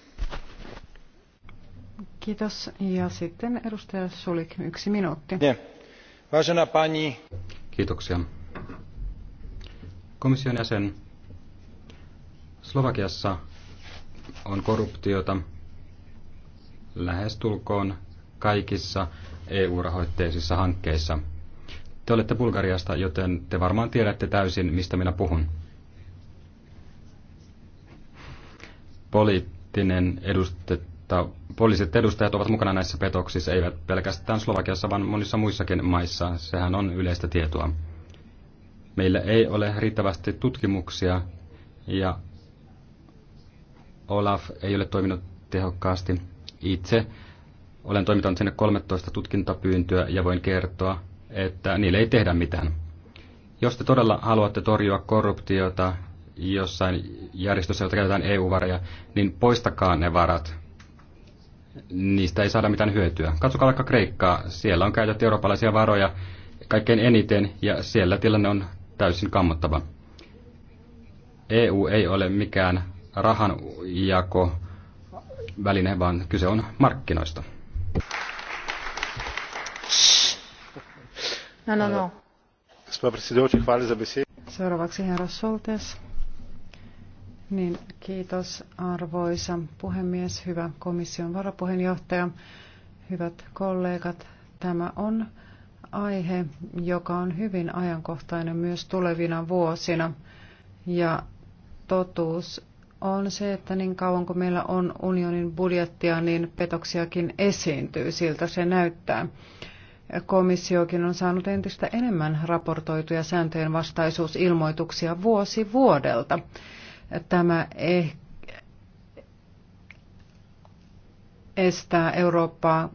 Speaker 1: Kiitos. Ja sitten edustaja Sulik, yksi minuutti.
Speaker 4: Vasena pani. Kiitoksia.
Speaker 3: Komission jäsen. Slovakiassa on korruptiota lähestulkoon kaikissa EU-rahoitteisissa hankkeissa. Te olette Bulgariasta, joten te varmaan tiedätte täysin, mistä minä puhun. Poliittinen edustetta, poliisit edustajat ovat mukana näissä petoksissa, eivät pelkästään Slovakiassa, vaan monissa muissakin maissa. Sehän on yleistä tietoa. Meillä ei ole riittävästi tutkimuksia ja Olaf ei ole toiminut tehokkaasti. Itse olen toimittanut sinne 13 tutkintapyyntöä ja voin kertoa, että niille ei tehdä mitään. Jos te todella haluatte torjua korruptiota jossain järjestössä, jota käytetään EU-varoja, niin poistakaa ne varat. Niistä ei saada mitään hyötyä. Katsokaa vaikka Kreikkaa. Siellä on käytetty eurooppalaisia varoja kaikkein eniten ja siellä tilanne on täysin kammottava. EU ei ole mikään rahanjako väline, vaan kyse on markkinoista.
Speaker 1: No, no, no.
Speaker 4: Gospa predsedujoča, hvala za besedo.
Speaker 1: herra Soltes. Niin, kiitos arvoisa puhemies, hyvä komission varapuheenjohtaja, hyvät kollegat. Tämä on aihe, joka on hyvin ajankohtainen myös tulevina vuosina. Ja totuus on se, että niin kauan kuin meillä on unionin budjettia, niin petoksiakin esiintyy, siltä se näyttää. Komissiokin on saanut entistä enemmän raportoituja sääntöjen vastaisuusilmoituksia vuosi vuodelta. Tämä eh- estää Eurooppaa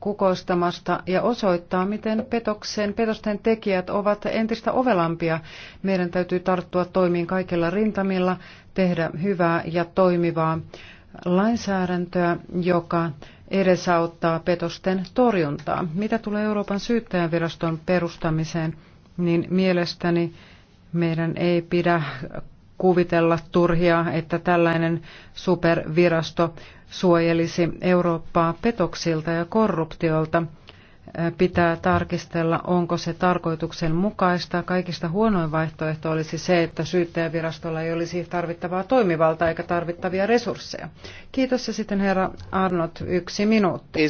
Speaker 1: kukoistamasta ja osoittaa, miten petoksen, petosten tekijät ovat entistä ovelampia. Meidän täytyy tarttua toimiin kaikilla rintamilla tehdä hyvää ja toimivaa lainsäädäntöä, joka edesauttaa petosten torjuntaa. Mitä tulee Euroopan syyttäjänviraston perustamiseen, niin mielestäni meidän ei pidä kuvitella turhia, että tällainen supervirasto suojelisi Eurooppaa petoksilta ja korruptiolta – pitää tarkistella, onko se tarkoituksen mukaista. Kaikista huonoin vaihtoehto olisi se, että syyttäjävirastolla ei olisi tarvittavaa toimivaltaa eikä tarvittavia resursseja. Kiitos ja sitten herra Arnott, yksi minuutti.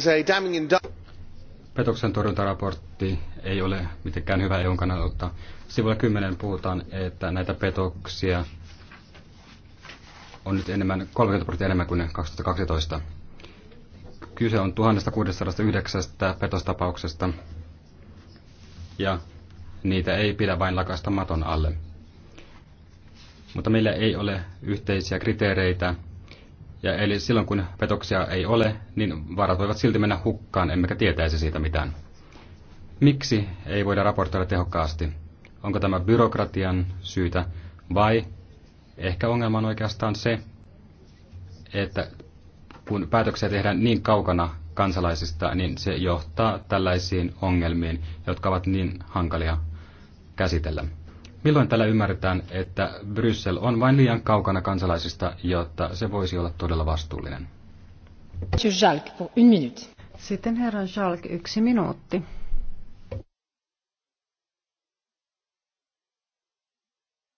Speaker 3: Petoksen torjuntaraportti ei ole mitenkään hyvä EUn kannalta. Sivulla 10 puhutaan, että näitä petoksia on nyt enemmän, 30 prosenttia enemmän kuin 2012. Kyse on 1609 petostapauksesta ja niitä ei pidä vain lakasta maton alle. Mutta meillä ei ole yhteisiä kriteereitä, ja eli silloin kun petoksia ei ole, niin varat voivat silti mennä hukkaan, emmekä tietäisi siitä mitään. Miksi ei voida raportoida tehokkaasti? Onko tämä byrokratian syytä vai ehkä ongelma on oikeastaan se, että kun päätöksiä tehdään niin kaukana kansalaisista, niin se johtaa tällaisiin ongelmiin, jotka ovat niin hankalia käsitellä. Milloin tällä ymmärretään, että Bryssel on vain liian kaukana kansalaisista, jotta se voisi olla todella vastuullinen?
Speaker 1: Sitten herran Schalk, yksi minuutti.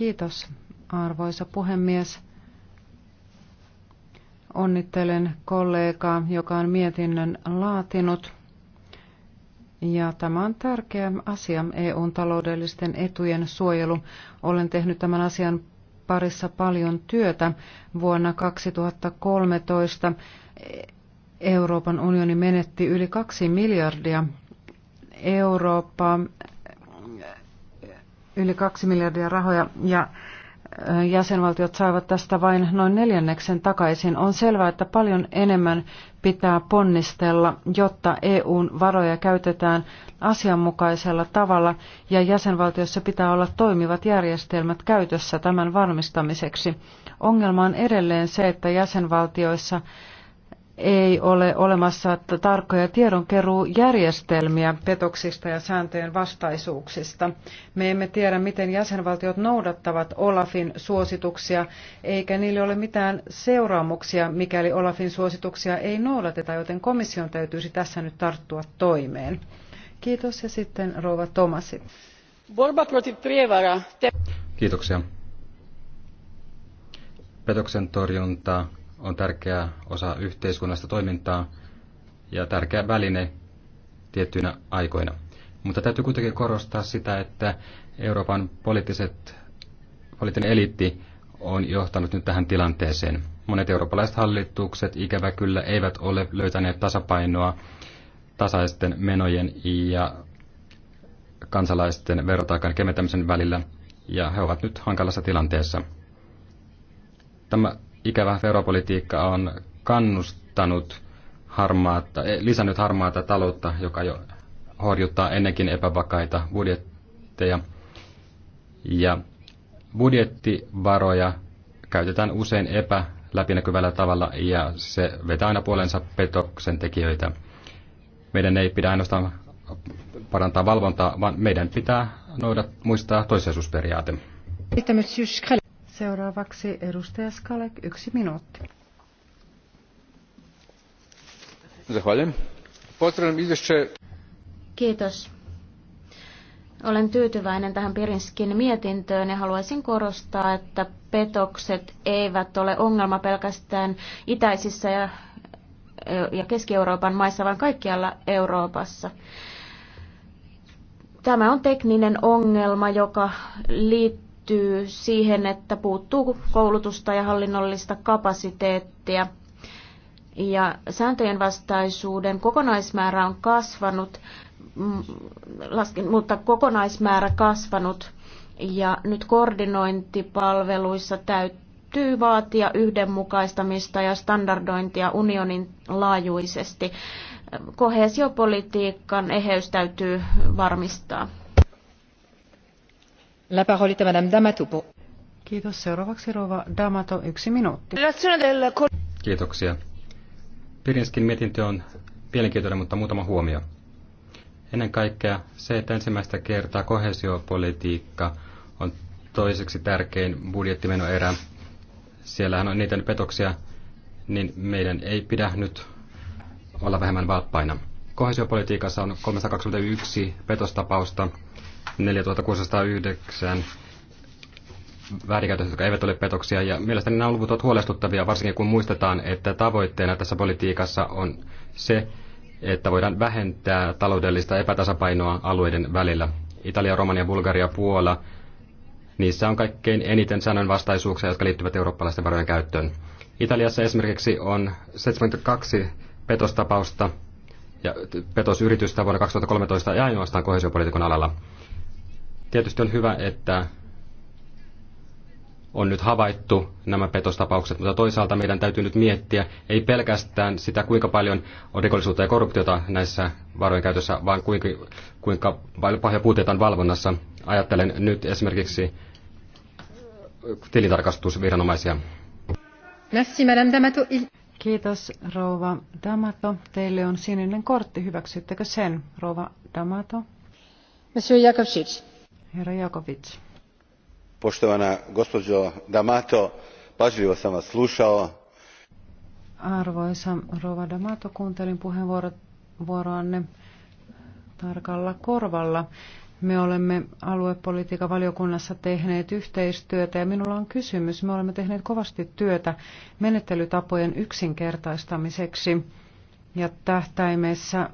Speaker 1: Kiitos, arvoisa puhemies. Onnittelen kollegaa, joka on mietinnön laatinut. Ja tämä on tärkeä asia, EUn taloudellisten etujen suojelu. Olen tehnyt tämän asian parissa paljon työtä. Vuonna 2013 Euroopan unioni menetti yli kaksi miljardia Eurooppaa yli kaksi miljardia rahoja ja jäsenvaltiot saivat tästä vain noin neljänneksen takaisin. On selvää, että paljon enemmän pitää ponnistella, jotta EUn varoja käytetään asianmukaisella tavalla ja jäsenvaltiossa pitää olla toimivat järjestelmät käytössä tämän varmistamiseksi. Ongelma on edelleen se, että jäsenvaltioissa ei ole olemassa tarkkoja tiedonkeruujärjestelmiä petoksista ja sääntöjen vastaisuuksista. Me emme tiedä, miten jäsenvaltiot noudattavat Olafin suosituksia, eikä niille ole mitään seuraamuksia, mikäli Olafin suosituksia ei noudateta, joten komission täytyisi tässä nyt tarttua toimeen. Kiitos ja sitten Rova Tomasi. Borba protiv prievara.
Speaker 3: Kiitoksia. Petoksen torjunta on tärkeä osa yhteiskunnallista toimintaa ja tärkeä väline tiettyinä aikoina. Mutta täytyy kuitenkin korostaa sitä, että Euroopan poliittiset, poliittinen eliitti on johtanut nyt tähän tilanteeseen. Monet eurooppalaiset hallitukset ikävä kyllä eivät ole löytäneet tasapainoa tasaisten menojen ja kansalaisten verotaakan keventämisen välillä, ja he ovat nyt hankalassa tilanteessa. Tämä ikävä veropolitiikka on kannustanut harmaata, eh, lisännyt harmaata taloutta, joka jo horjuttaa ennenkin epävakaita budjetteja. Ja budjettivaroja käytetään usein epäläpinäkyvällä tavalla ja se vetää aina puolensa petoksen tekijöitä. Meidän ei pidä ainoastaan parantaa valvontaa, vaan meidän pitää noudat, muistaa toissijaisuusperiaate.
Speaker 1: Seuraavaksi edustaja Skalek, yksi minuutti.
Speaker 2: Kiitos. Olen tyytyväinen tähän Pirinskin mietintöön ja haluaisin korostaa, että petokset eivät ole ongelma pelkästään itäisissä ja, ja Keski-Euroopan maissa, vaan kaikkialla Euroopassa. Tämä on tekninen ongelma, joka liittyy liittyy siihen, että puuttuu koulutusta ja hallinnollista kapasiteettia. Ja sääntöjen vastaisuuden kokonaismäärä on kasvanut, mm, laskin, mutta kokonaismäärä kasvanut ja nyt koordinointipalveluissa täytyy vaatia yhdenmukaistamista ja standardointia unionin laajuisesti. Kohesiopolitiikan eheys täytyy varmistaa.
Speaker 1: La madame D'Amato. Kiitos. Seuraavaksi rouva D'Amato, yksi minuutti.
Speaker 3: Kiitoksia. Pirinskin mietintö on mielenkiintoinen, mutta muutama huomio. Ennen kaikkea se, että ensimmäistä kertaa kohesiopolitiikka on toiseksi tärkein budjettimenoerä. Siellähän on niitä petoksia, niin meidän ei pidä nyt olla vähemmän valppaina. Kohesiopolitiikassa on 321 petostapausta 4609 väärinkäytöstä, jotka eivät ole petoksia. Ja mielestäni nämä luvut ovat huolestuttavia, varsinkin kun muistetaan, että tavoitteena tässä politiikassa on se, että voidaan vähentää taloudellista epätasapainoa alueiden välillä. Italia, Romania, Bulgaria, Puola, niissä on kaikkein eniten vastaisuuksia, jotka liittyvät eurooppalaisten varojen käyttöön. Italiassa esimerkiksi on 72 petostapausta ja petosyritystä vuonna 2013 ja ainoastaan kohesiopolitiikan alalla. Tietysti on hyvä, että on nyt havaittu nämä petostapaukset, mutta toisaalta meidän täytyy nyt miettiä ei pelkästään sitä, kuinka paljon on rikollisuutta ja korruptiota näissä varojen käytössä, vaan kuinka, kuinka pahoja puutteita on valvonnassa. Ajattelen nyt esimerkiksi tilintarkastusviranomaisia.
Speaker 1: Merci, Madame D'Amato. Kiitos, rouva D'Amato. Teille on sininen kortti. Hyväksyttekö sen, rouva D'Amato? Monsieur Jakobsic
Speaker 4: poštovana gospođo d'amato pažljivo sam vas slušao.
Speaker 1: arvoisa rouva d'amato kuuntelin puheenvuoroanne tarkalla korvalla. Me olemme aluepolitiikan valiokunnassa tehneet yhteistyötä ja minulla on kysymys. Me olemme tehneet kovasti työtä menettelytapojen yksinkertaistamiseksi ja tähtäimessä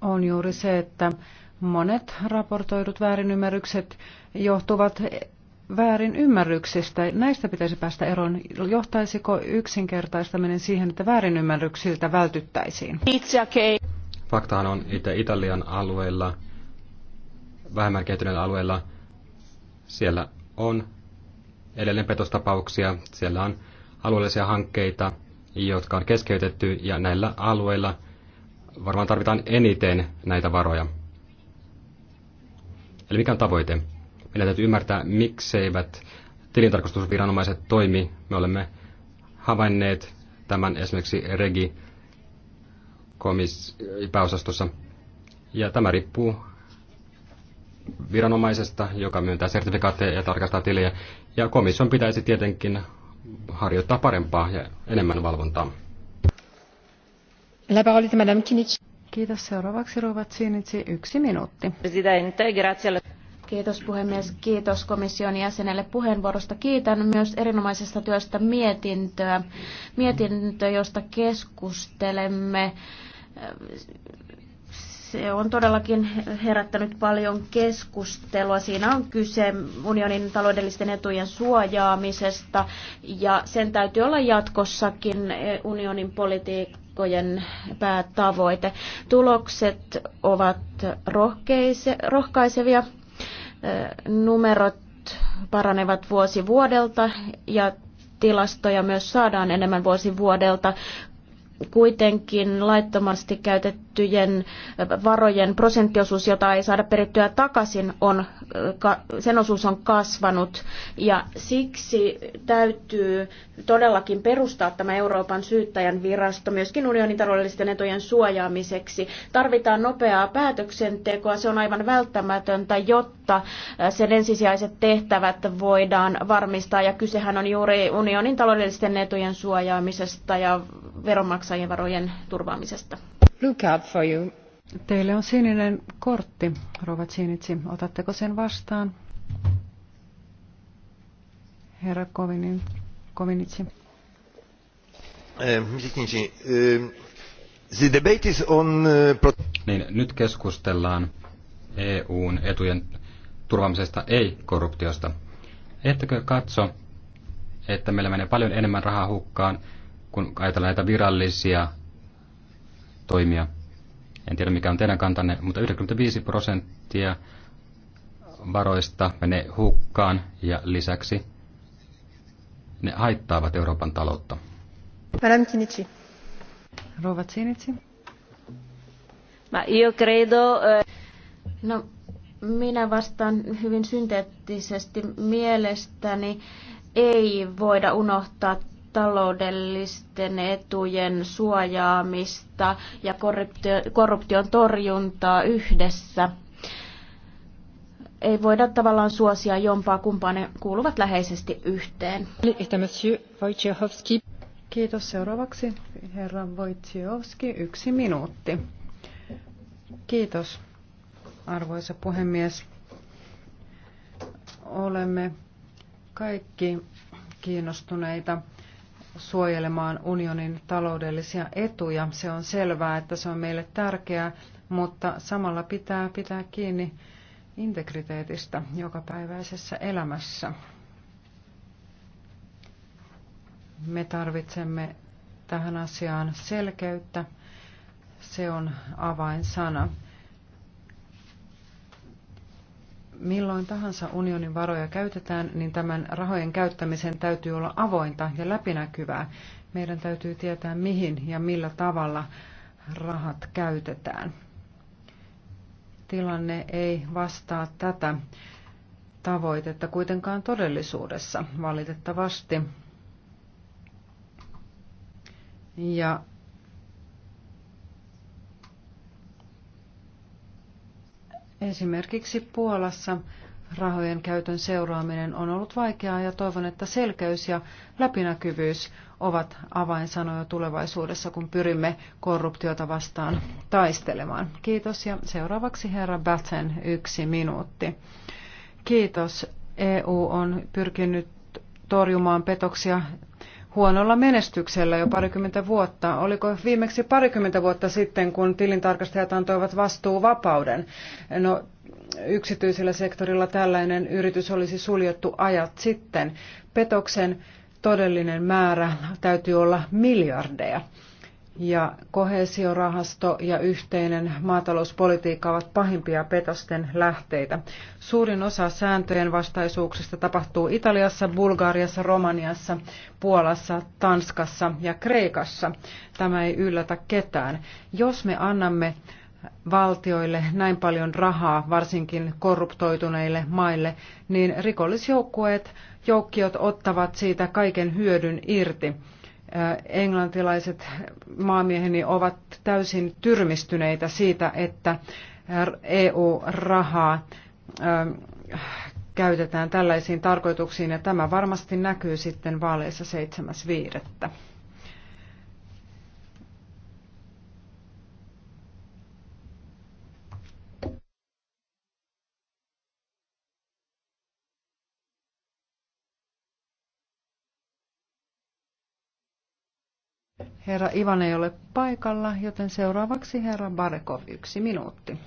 Speaker 1: on juuri se, että monet raportoidut väärinymmärrykset johtuvat väärin ymmärryksistä. Näistä pitäisi päästä eroon. Johtaisiko yksinkertaistaminen siihen, että väärinymmärryksiltä vältyttäisiin?
Speaker 3: Faktahan on, että Italian alueella, vähemmän kehittyneillä alueilla, siellä on edelleen petostapauksia. Siellä on alueellisia hankkeita, jotka on keskeytetty, ja näillä alueilla varmaan tarvitaan eniten näitä varoja. Eli mikä on tavoite? Meidän täytyy ymmärtää, mikseivät tilintarkastusviranomaiset toimi. Me olemme havainneet tämän esimerkiksi regi pääosastossa. Ja tämä riippuu viranomaisesta, joka myöntää sertifikaatteja ja tarkastaa tilejä. Ja komission pitäisi tietenkin harjoittaa parempaa ja enemmän valvontaa.
Speaker 1: Kiitos. yksi minuutti.
Speaker 2: Presidente, Kiitos puhemies. Kiitos komission jäsenelle puheenvuorosta. Kiitän myös erinomaisesta työstä mietintöä. Mietintö, josta keskustelemme. Se on todellakin herättänyt paljon keskustelua. Siinä on kyse unionin taloudellisten etujen suojaamisesta ja sen täytyy olla jatkossakin unionin politiikka politiikkojen päätavoite. Tulokset ovat rohkeise, rohkaisevia. Numerot paranevat vuosi vuodelta ja tilastoja myös saadaan enemmän vuosi vuodelta. Kuitenkin laittomasti käytetty perittyjen varojen prosenttiosuus, jota ei saada perittyä takaisin, on, sen osuus on kasvanut. Ja siksi täytyy todellakin perustaa tämä Euroopan syyttäjän virasto myöskin unionin taloudellisten etujen suojaamiseksi. Tarvitaan nopeaa päätöksentekoa, se on aivan välttämätöntä, jotta sen ensisijaiset tehtävät voidaan varmistaa. Ja kysehän on juuri unionin taloudellisten etujen suojaamisesta ja veronmaksajien varojen turvaamisesta
Speaker 1: blue for you. Teille on sininen kortti, Rova Zinitsi. Otatteko sen vastaan? Herra Kovinin, Kovinitsi.
Speaker 4: Eh, eh, the debate is on... Eh,
Speaker 3: niin, nyt keskustellaan EUn etujen turvaamisesta, ei korruptiosta. Ettekö katso, että meillä menee paljon enemmän rahaa hukkaan, kun ajatellaan näitä virallisia toimia. En tiedä mikä on teidän kantanne, mutta 95 prosenttia varoista menee hukkaan ja lisäksi ne haittaavat Euroopan taloutta.
Speaker 1: Madame Kinici. Rouva Kinici.
Speaker 2: Ma io credo... Eh, no, minä vastaan hyvin synteettisesti. Mielestäni ei voida unohtaa taloudellisten etujen suojaamista ja korruption torjuntaa yhdessä. Ei voida tavallaan suosia jompaa kumpaa, ne kuuluvat läheisesti yhteen. Kiitos. Seuraavaksi
Speaker 1: herra Wojciechowski, yksi minuutti. Kiitos, arvoisa puhemies. Olemme kaikki kiinnostuneita suojelemaan unionin taloudellisia etuja. Se on selvää, että se on meille tärkeää, mutta samalla pitää pitää kiinni integriteetistä jokapäiväisessä elämässä. Me tarvitsemme tähän asiaan selkeyttä. Se on avainsana. Milloin tahansa unionin varoja käytetään, niin tämän rahojen käyttämisen täytyy olla avointa ja läpinäkyvää. Meidän täytyy tietää, mihin ja millä tavalla rahat käytetään. Tilanne ei vastaa tätä tavoitetta kuitenkaan todellisuudessa, valitettavasti. Ja Esimerkiksi Puolassa rahojen käytön seuraaminen on ollut vaikeaa ja toivon, että selkeys ja läpinäkyvyys ovat avainsanoja tulevaisuudessa, kun pyrimme korruptiota vastaan taistelemaan. Kiitos ja seuraavaksi herra Batten yksi minuutti. Kiitos. EU on pyrkinyt torjumaan petoksia huonolla menestyksellä jo parikymmentä vuotta. Oliko viimeksi parikymmentä vuotta sitten, kun tilintarkastajat antoivat vastuuvapauden? No, yksityisellä sektorilla tällainen yritys olisi suljettu ajat sitten. Petoksen todellinen määrä täytyy olla miljardeja ja kohesiorahasto ja yhteinen maatalouspolitiikka ovat pahimpia petosten lähteitä. Suurin osa sääntöjen vastaisuuksista tapahtuu Italiassa, Bulgariassa, Romaniassa, Puolassa, Tanskassa ja Kreikassa. Tämä ei yllätä ketään. Jos me annamme valtioille näin paljon rahaa, varsinkin korruptoituneille maille, niin rikollisjoukkueet, joukkiot ottavat siitä kaiken hyödyn irti englantilaiset maamieheni ovat täysin tyrmistyneitä siitä, että EU-rahaa käytetään tällaisiin tarkoituksiin ja tämä varmasti näkyy sitten vaaleissa 7.5. Herra Ivan ei ole paikalla, joten seuraavaksi herra Barekov, yksi
Speaker 4: minuutti.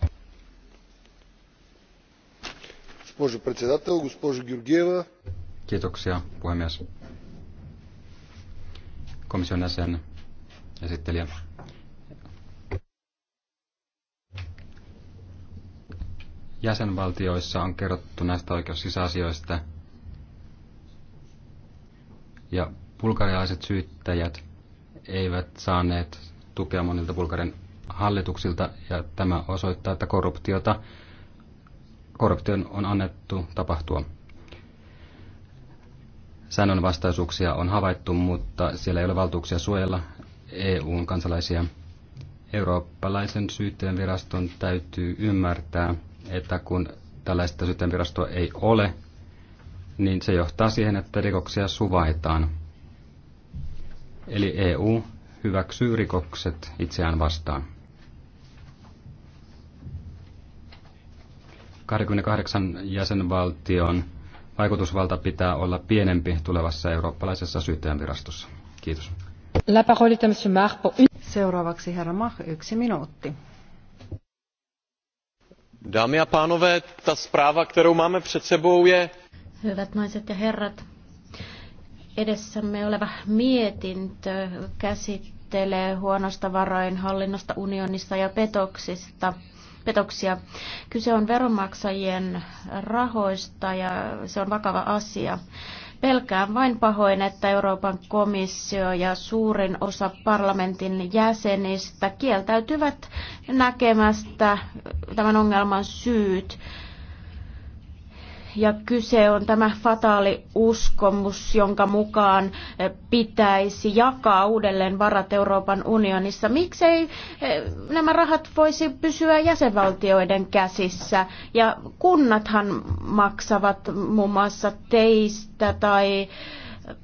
Speaker 3: Kiitoksia, puhemies. Komission jäsen, esittelijä. Jäsenvaltioissa on kerrottu näistä oikeussisäasioista ja bulgarialaiset syyttäjät – eivät saaneet tukea monilta Bulgarian hallituksilta ja tämä osoittaa, että korruptiota, korruption on annettu tapahtua. vastaisuuksia on havaittu, mutta siellä ei ole valtuuksia suojella EUn kansalaisia. Eurooppalaisen syyttäjänviraston täytyy ymmärtää, että kun tällaista syyttäjänvirastoa ei ole, niin se johtaa siihen, että rikoksia suvaitaan – Eli EU hyväksyy rikokset itseään vastaan. 28 jäsenvaltion vaikutusvalta pitää olla pienempi tulevassa eurooppalaisessa syyttäjänvirastossa. Kiitos.
Speaker 1: Seuraavaksi herra Mach, yksi minuutti.
Speaker 4: Dámy a pánové, ta zpráva, kterou máme před sebou, je...
Speaker 2: Hyvät naiset ja herrat, Edessämme oleva mietintö käsittelee huonosta varainhallinnosta unionissa ja petoksista. Petoksia. Kyse on veronmaksajien rahoista ja se on vakava asia. Pelkään vain pahoin, että Euroopan komissio ja suurin osa parlamentin jäsenistä kieltäytyvät näkemästä tämän ongelman syyt ja kyse on tämä fataali uskomus, jonka mukaan eh, pitäisi jakaa uudelleen varat Euroopan unionissa. Miksei eh, nämä rahat voisi pysyä jäsenvaltioiden käsissä? Ja kunnathan maksavat muun mm. muassa teistä tai eh,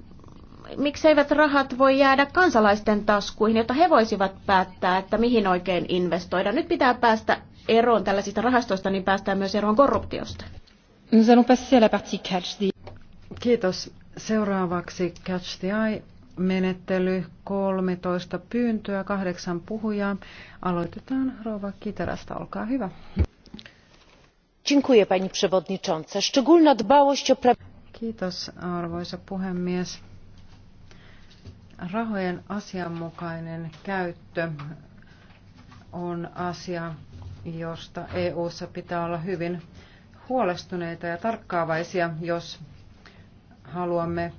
Speaker 2: mikseivät rahat voi jäädä kansalaisten taskuihin, jotta he voisivat päättää, että mihin oikein investoida. Nyt pitää päästä eroon tällaisista rahastoista, niin päästään myös eroon korruptiosta.
Speaker 1: Nous allons passer à la partie catch the... Kiitos. Seuraavaksi Catch the Eye menettely 13 pyyntöä, kahdeksan puhujaa. Aloitetaan rouva Kiterasta, olkaa hyvä. Dziękuję pani przewodnicząca. Szczególna dbałość o Kiitos arvoisa puhemies. Rahojen asianmukainen käyttö on asia, josta EU:ssa pitää olla hyvin huolestuneita ja tarkkaavaisia, jos haluamme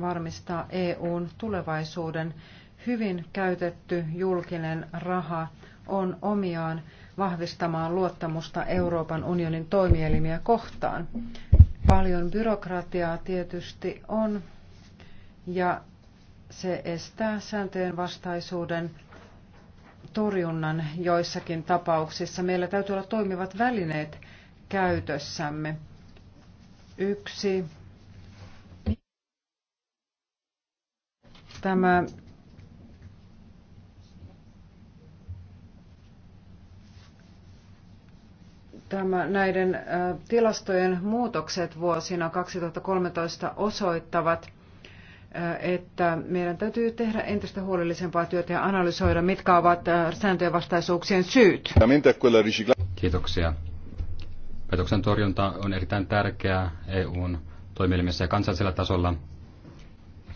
Speaker 1: varmistaa EUn tulevaisuuden. Hyvin käytetty julkinen raha on omiaan vahvistamaan luottamusta Euroopan unionin toimielimiä kohtaan. Paljon byrokratiaa tietysti on ja se estää sääntöjen vastaisuuden torjunnan joissakin tapauksissa. Meillä täytyy olla toimivat välineet käytössämme. Yksi tämä Tämä, näiden äh, tilastojen muutokset vuosina 2013 osoittavat, äh, että meidän täytyy tehdä entistä huolellisempaa työtä ja analysoida, mitkä ovat äh, sääntöjen vastaisuuksien syyt.
Speaker 3: Kiitoksia. Petoksen torjunta on erittäin tärkeää EUn toimielimissä ja kansallisella tasolla.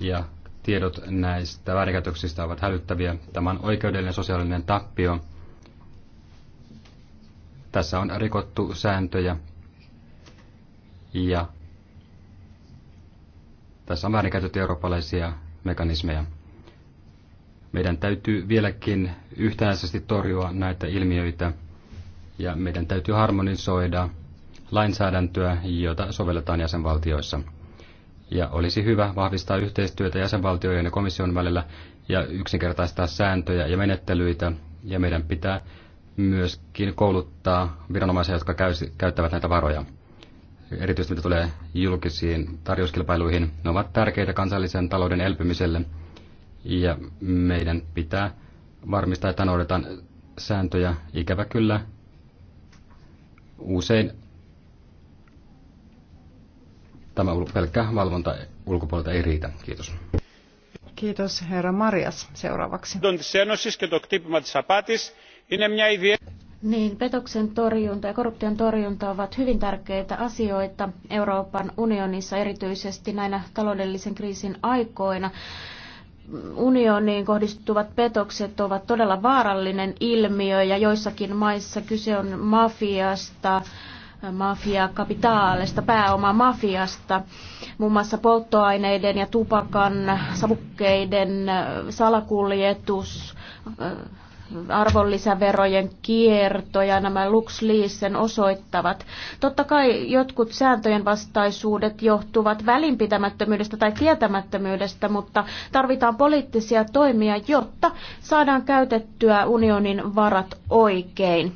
Speaker 3: Ja tiedot näistä väärinkäytöksistä ovat hälyttäviä. Tämä on oikeudellinen sosiaalinen tappio. Tässä on rikottu sääntöjä ja tässä on väärinkäytetty eurooppalaisia mekanismeja. Meidän täytyy vieläkin yhtäläisesti torjua näitä ilmiöitä ja meidän täytyy harmonisoida lainsäädäntöä, jota sovelletaan jäsenvaltioissa. Ja olisi hyvä vahvistaa yhteistyötä jäsenvaltioiden ja komission välillä ja yksinkertaistaa sääntöjä ja menettelyitä. Ja meidän pitää myöskin kouluttaa viranomaisia, jotka käyttävät näitä varoja. Erityisesti mitä tulee julkisiin tarjouskilpailuihin, ne ovat tärkeitä kansallisen talouden elpymiselle. Ja meidän pitää varmistaa, että noudatetaan sääntöjä. Ikävä kyllä usein Tämä pelkkä valvonta ulkopuolelta ei riitä. Kiitos.
Speaker 1: Kiitos herra Marias. Seuraavaksi.
Speaker 2: Niin, petoksen torjunta ja korruption torjunta ovat hyvin tärkeitä asioita Euroopan unionissa, erityisesti näinä taloudellisen kriisin aikoina. Unioniin kohdistuvat petokset ovat todella vaarallinen ilmiö ja joissakin maissa kyse on mafiasta, mafia kapitaalista, pääoma mafiasta, muun muassa polttoaineiden ja tupakan, savukkeiden salakuljetus, arvonlisäverojen kierto ja nämä Leasen osoittavat. Totta kai jotkut sääntöjen vastaisuudet johtuvat välinpitämättömyydestä tai tietämättömyydestä, mutta tarvitaan poliittisia toimia, jotta saadaan käytettyä unionin varat oikein.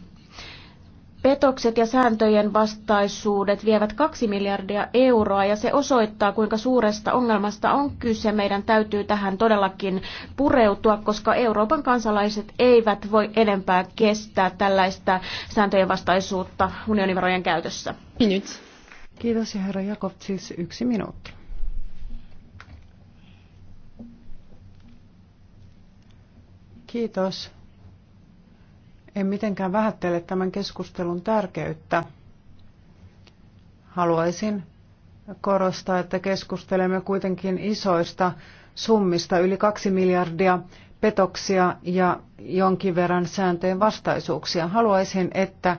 Speaker 2: Petokset ja sääntöjen vastaisuudet vievät kaksi miljardia euroa ja se osoittaa, kuinka suuresta ongelmasta on kyse. Meidän täytyy tähän todellakin pureutua, koska Euroopan kansalaiset eivät voi enempää kestää tällaista sääntöjen vastaisuutta unionin käytössä. Minut.
Speaker 1: Kiitos ja herra Jakob, siis yksi minuutti. Kiitos en mitenkään vähättele tämän keskustelun tärkeyttä. Haluaisin korostaa, että keskustelemme kuitenkin isoista summista, yli kaksi miljardia petoksia ja jonkin verran säänteen vastaisuuksia. Haluaisin, että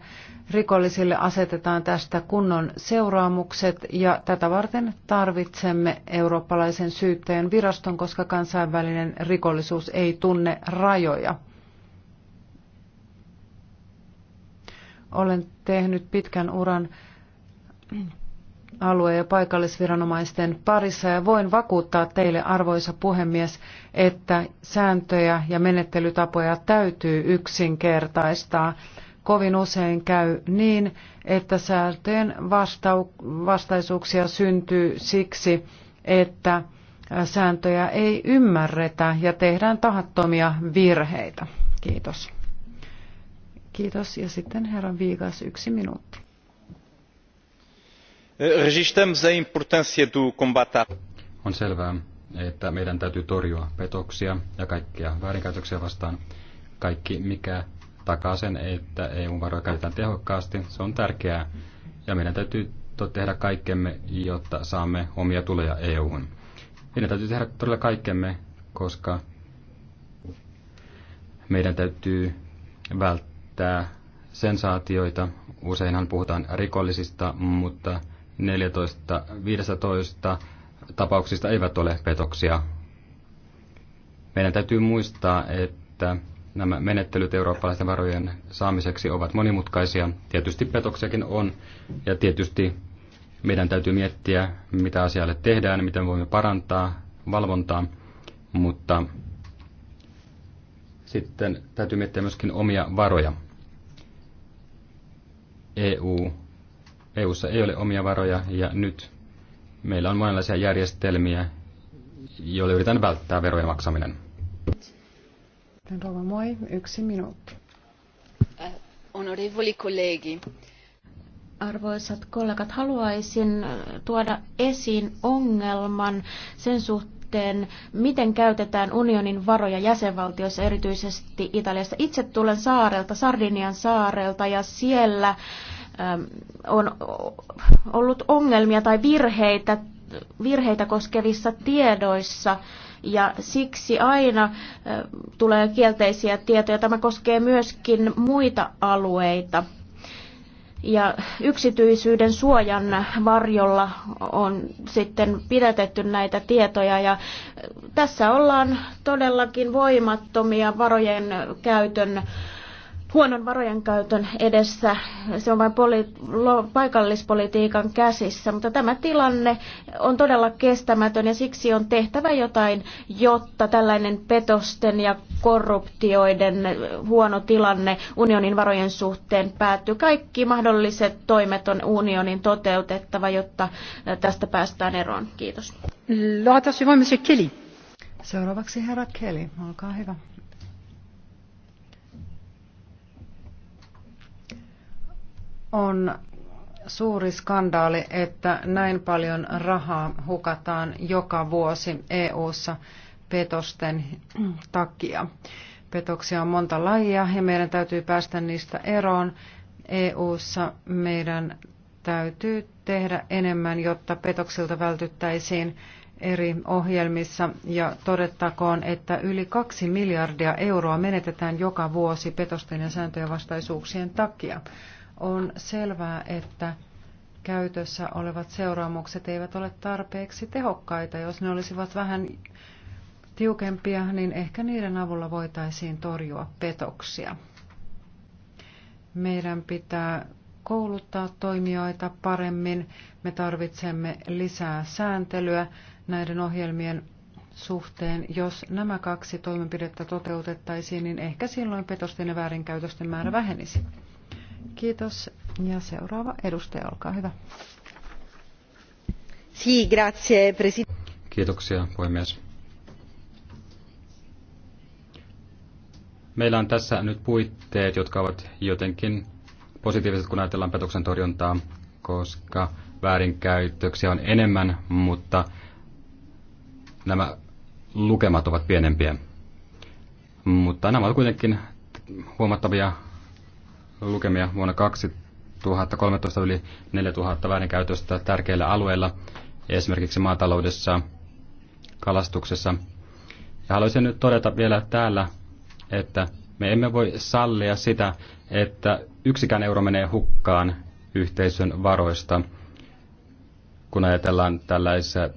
Speaker 1: rikollisille asetetaan tästä kunnon seuraamukset ja tätä varten tarvitsemme eurooppalaisen syytteen viraston, koska kansainvälinen rikollisuus ei tunne rajoja. Olen tehnyt pitkän uran alue- ja paikallisviranomaisten parissa ja voin vakuuttaa teille, arvoisa puhemies, että sääntöjä ja menettelytapoja täytyy yksinkertaistaa. Kovin usein käy niin, että sääntöjen vastaisuuksia syntyy siksi, että sääntöjä ei ymmärretä ja tehdään tahattomia virheitä. Kiitos. Kiitos. Ja sitten herran Viikas yksi minuutti.
Speaker 3: On selvää, että meidän täytyy torjua petoksia ja kaikkia väärinkäytöksiä vastaan. Kaikki, mikä takaa sen, että EU-varoja käytetään tehokkaasti, se on tärkeää. Ja meidän täytyy tehdä kaikkemme, jotta saamme omia tuloja EU-hun. Meidän täytyy tehdä todella kaikkemme, koska meidän täytyy välttää levittää sensaatioita. Useinhan puhutaan rikollisista, mutta 14-15 tapauksista eivät ole petoksia. Meidän täytyy muistaa, että nämä menettelyt eurooppalaisten varojen saamiseksi ovat monimutkaisia. Tietysti petoksiakin on, ja tietysti meidän täytyy miettiä, mitä asialle tehdään, miten voimme parantaa valvontaa, mutta sitten täytyy miettiä myöskin omia varoja. EU, EUssa ei ole omia varoja ja nyt meillä on monenlaisia järjestelmiä, joille yritetään välttää verojen maksaminen.
Speaker 2: Rova Moi, yksi minuutti. Eh, onorevoli kollegi. Arvoisat kollegat, haluaisin tuoda esiin ongelman sen suhteen, suhteen, miten käytetään unionin varoja jäsenvaltioissa, erityisesti Italiassa. Itse tulen saarelta, Sardinian saarelta, ja siellä ähm, on ollut ongelmia tai virheitä, virheitä koskevissa tiedoissa ja siksi aina äh, tulee kielteisiä tietoja. Tämä koskee myöskin muita alueita ja yksityisyyden suojan varjolla on sitten pidätetty näitä tietoja ja tässä ollaan todellakin voimattomia varojen käytön huonon varojen käytön edessä. Se on vain poli- paikallispolitiikan käsissä, mutta tämä tilanne on todella kestämätön ja siksi on tehtävä jotain, jotta tällainen petosten ja korruptioiden huono tilanne unionin varojen suhteen päättyy. Kaikki mahdolliset toimet on unionin toteutettava, jotta tästä päästään eroon. Kiitos.
Speaker 1: Seuraavaksi herra Kelly, olkaa hyvä. On suuri skandaali, että näin paljon rahaa hukataan joka vuosi EU:ssa petosten takia. Petoksia on monta lajia ja meidän täytyy päästä niistä eroon. EU:ssa meidän täytyy tehdä enemmän, jotta petoksilta vältyttäisiin eri ohjelmissa ja todettakoon, että yli kaksi miljardia euroa menetetään joka vuosi petosten ja sääntöjen vastaisuuksien takia. On selvää, että käytössä olevat seuraamukset eivät ole tarpeeksi tehokkaita. Jos ne olisivat vähän tiukempia, niin ehkä niiden avulla voitaisiin torjua petoksia. Meidän pitää kouluttaa toimijoita paremmin. Me tarvitsemme lisää sääntelyä näiden ohjelmien suhteen. Jos nämä kaksi toimenpidettä toteutettaisiin, niin ehkä silloin petosten ja väärinkäytösten määrä vähenisi. Kiitos. Ja seuraava edustaja, olkaa hyvä. Si, grazie,
Speaker 3: Kiitoksia, puhemies. Meillä on tässä nyt puitteet, jotka ovat jotenkin positiiviset, kun ajatellaan petoksen torjuntaa, koska väärinkäytöksiä on enemmän, mutta nämä lukemat ovat pienempiä. Mutta nämä ovat kuitenkin huomattavia lukemia vuonna 2013 yli 4000 väärinkäytöstä tärkeillä alueilla, esimerkiksi maataloudessa, kalastuksessa. Ja haluaisin nyt todeta vielä täällä, että me emme voi sallia sitä, että yksikään euro menee hukkaan yhteisön varoista, kun ajatellaan tällaisia äh,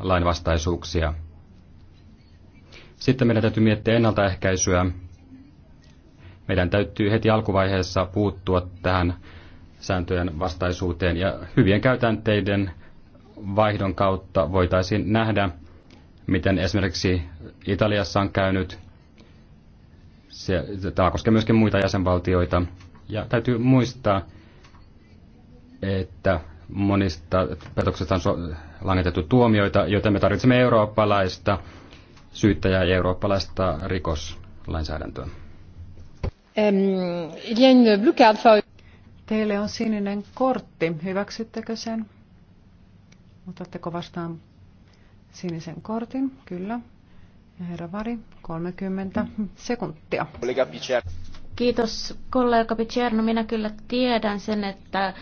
Speaker 3: lainvastaisuuksia. Sitten meidän täytyy miettiä ennaltaehkäisyä meidän täytyy heti alkuvaiheessa puuttua tähän sääntöjen vastaisuuteen ja hyvien käytänteiden vaihdon kautta voitaisiin nähdä, miten esimerkiksi Italiassa on käynyt. Se, tämä koskee myöskin muita jäsenvaltioita. Ja täytyy muistaa, että monista petoksista on langetettu tuomioita, joten me tarvitsemme eurooppalaista syyttäjää ja eurooppalaista rikoslainsäädäntöä.
Speaker 1: Ehm, Teille on sininen kortti. Hyväksyttekö sen? Otatteko vastaan sinisen kortin? Kyllä. Ja herra Vari,
Speaker 2: 30 sekuntia. Kiitos kollega Picerno. Minä kyllä tiedän sen, että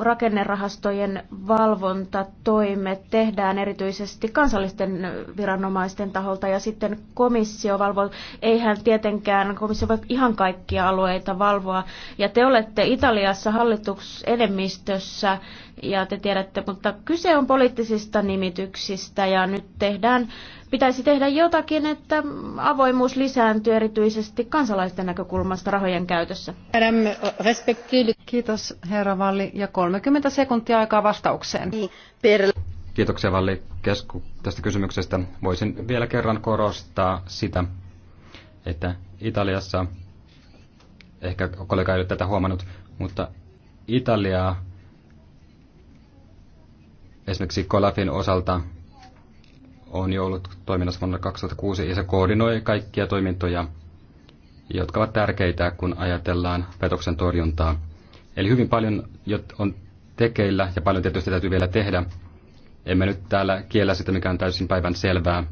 Speaker 2: rakennerahastojen valvontatoimet tehdään erityisesti kansallisten viranomaisten taholta ja sitten komissio valvoo. Eihän tietenkään komissio voi ihan kaikkia alueita valvoa. Ja te olette Italiassa hallituksenemmistössä ja te tiedätte, mutta kyse on poliittisista nimityksistä ja nyt tehdään, pitäisi tehdä jotakin, että avoimuus lisääntyy erityisesti kansalaisten näkökulmasta rahojen käytössä. Kiitos herra Val- Valli ja 30 sekuntia aikaa vastaukseen.
Speaker 3: Kiitoksia Valli kesku tästä kysymyksestä. Voisin vielä kerran korostaa sitä, että Italiassa, ehkä kollega ei ole tätä huomannut, mutta Italiaa esimerkiksi Colafin osalta on jo ollut toiminnassa vuonna 2006 ja se koordinoi kaikkia toimintoja, jotka ovat tärkeitä, kun ajatellaan petoksen torjuntaa. Eli hyvin paljon on tekeillä ja paljon tietysti täytyy vielä tehdä. Emme nyt täällä kiellä sitä, mikä on täysin päivän selvää.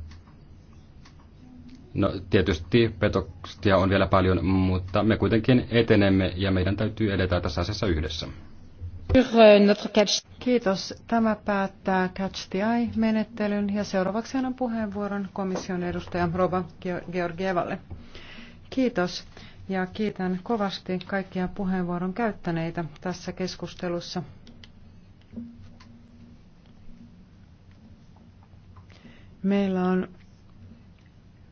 Speaker 3: No tietysti petoksia on vielä paljon, mutta me kuitenkin etenemme ja meidän täytyy edetä tässä asiassa yhdessä.
Speaker 1: Kiitos. Tämä päättää Catch the Eye-menettelyn ja seuraavaksi annan puheenvuoron komission edustaja Rova Georgievalle. Kiitos ja kiitän kovasti kaikkia puheenvuoron käyttäneitä tässä keskustelussa. Meillä on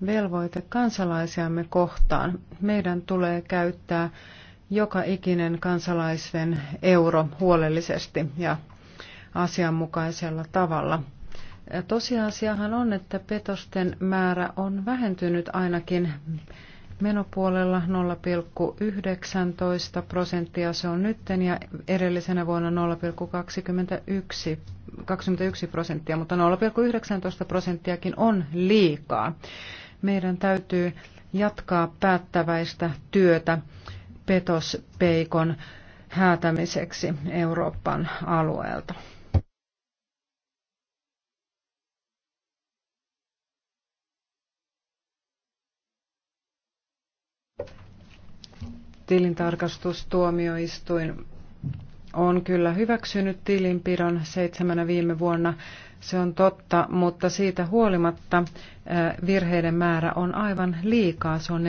Speaker 1: velvoite kansalaisiamme kohtaan. Meidän tulee käyttää joka ikinen kansalaisen euro huolellisesti ja asianmukaisella tavalla. Tosiasiahan on, että petosten määrä on vähentynyt ainakin menopuolella 0,19 prosenttia se on nytten ja edellisenä vuonna 0,21 prosenttia, mutta 0,19 prosenttiakin on liikaa. Meidän täytyy jatkaa päättäväistä työtä petospeikon häätämiseksi Euroopan alueelta. tilintarkastustuomioistuin on kyllä hyväksynyt tilinpidon seitsemänä viime vuonna, se on totta, mutta siitä huolimatta virheiden määrä on aivan liikaa, se on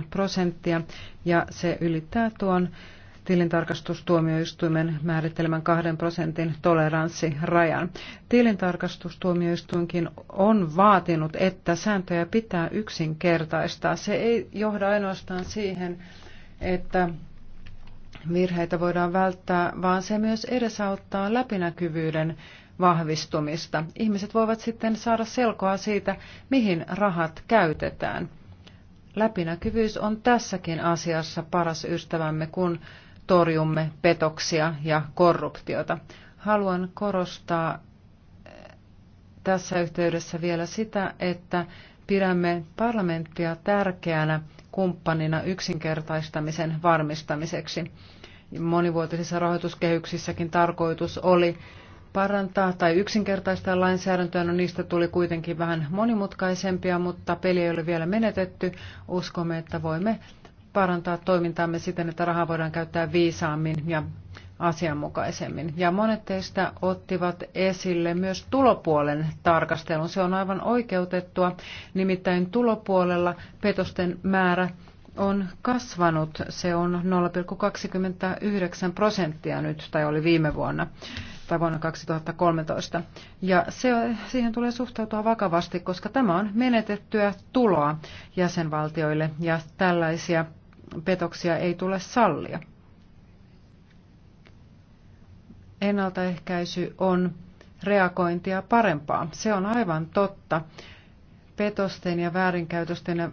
Speaker 1: 4,7 prosenttia ja se ylittää tuon tilintarkastustuomioistuimen määrittelemän kahden prosentin toleranssirajan. Tilintarkastustuomioistuinkin on vaatinut, että sääntöjä pitää yksinkertaistaa. Se ei johda ainoastaan siihen, että virheitä voidaan välttää, vaan se myös edesauttaa läpinäkyvyyden vahvistumista. Ihmiset voivat sitten saada selkoa siitä, mihin rahat käytetään. Läpinäkyvyys on tässäkin asiassa paras ystävämme, kun torjumme petoksia ja korruptiota. Haluan korostaa eh, tässä yhteydessä vielä sitä, että pidämme parlamenttia tärkeänä kumppanina yksinkertaistamisen varmistamiseksi. Monivuotisissa rahoituskehyksissäkin tarkoitus oli parantaa tai yksinkertaistaa lainsäädäntöä. No niistä tuli kuitenkin vähän monimutkaisempia, mutta peli ei ole vielä menetetty. Uskomme, että voimme parantaa toimintaamme siten, että rahaa voidaan käyttää viisaammin ja asianmukaisemmin. Ja monet teistä ottivat esille myös tulopuolen tarkastelun. Se on aivan oikeutettua, nimittäin tulopuolella petosten määrä on kasvanut. Se on 0,29 prosenttia nyt, tai oli viime vuonna, tai vuonna 2013. Ja se, siihen tulee suhtautua vakavasti, koska tämä on menetettyä tuloa jäsenvaltioille, ja tällaisia petoksia ei tule sallia. Ennaltaehkäisy on reagointia parempaa. Se on aivan totta. Petosten ja väärinkäytösten ja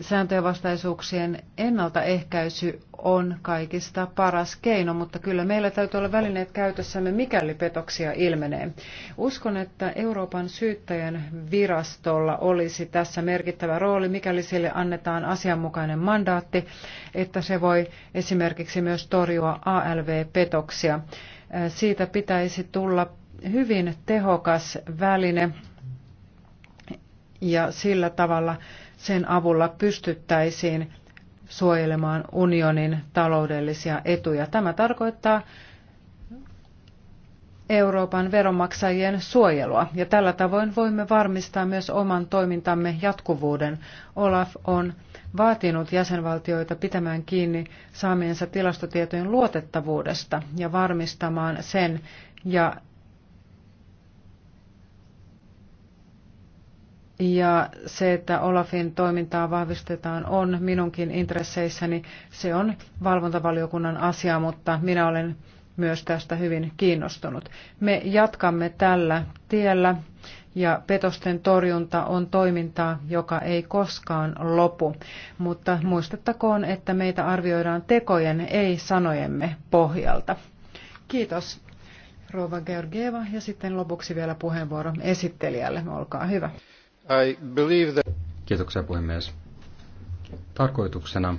Speaker 1: sääntöjenvastaisuuksien ennaltaehkäisy on kaikista paras keino, mutta kyllä meillä täytyy olla välineet käytössämme, mikäli petoksia ilmenee. Uskon, että Euroopan syyttäjän virastolla olisi tässä merkittävä rooli, mikäli sille annetaan asianmukainen mandaatti, että se voi esimerkiksi myös torjua ALV-petoksia. Siitä pitäisi tulla hyvin tehokas väline ja sillä tavalla sen avulla pystyttäisiin suojelemaan unionin taloudellisia etuja. Tämä tarkoittaa Euroopan veronmaksajien suojelua ja tällä tavoin voimme varmistaa myös oman toimintamme jatkuvuuden. Olaf on vaatinut jäsenvaltioita pitämään kiinni saamiensa tilastotietojen luotettavuudesta ja varmistamaan sen ja Ja se, että Olafin toimintaa vahvistetaan, on minunkin intresseissäni. Se on valvontavaliokunnan asia, mutta minä olen myös tästä hyvin kiinnostunut. Me jatkamme tällä tiellä ja petosten torjunta on toimintaa, joka ei koskaan lopu. Mutta muistettakoon, että meitä arvioidaan tekojen, ei sanojemme pohjalta. Kiitos Rova Georgieva ja sitten lopuksi vielä puheenvuoro esittelijälle. Olkaa hyvä. I believe
Speaker 3: that... Kiitoksia puhemies. Tarkoituksena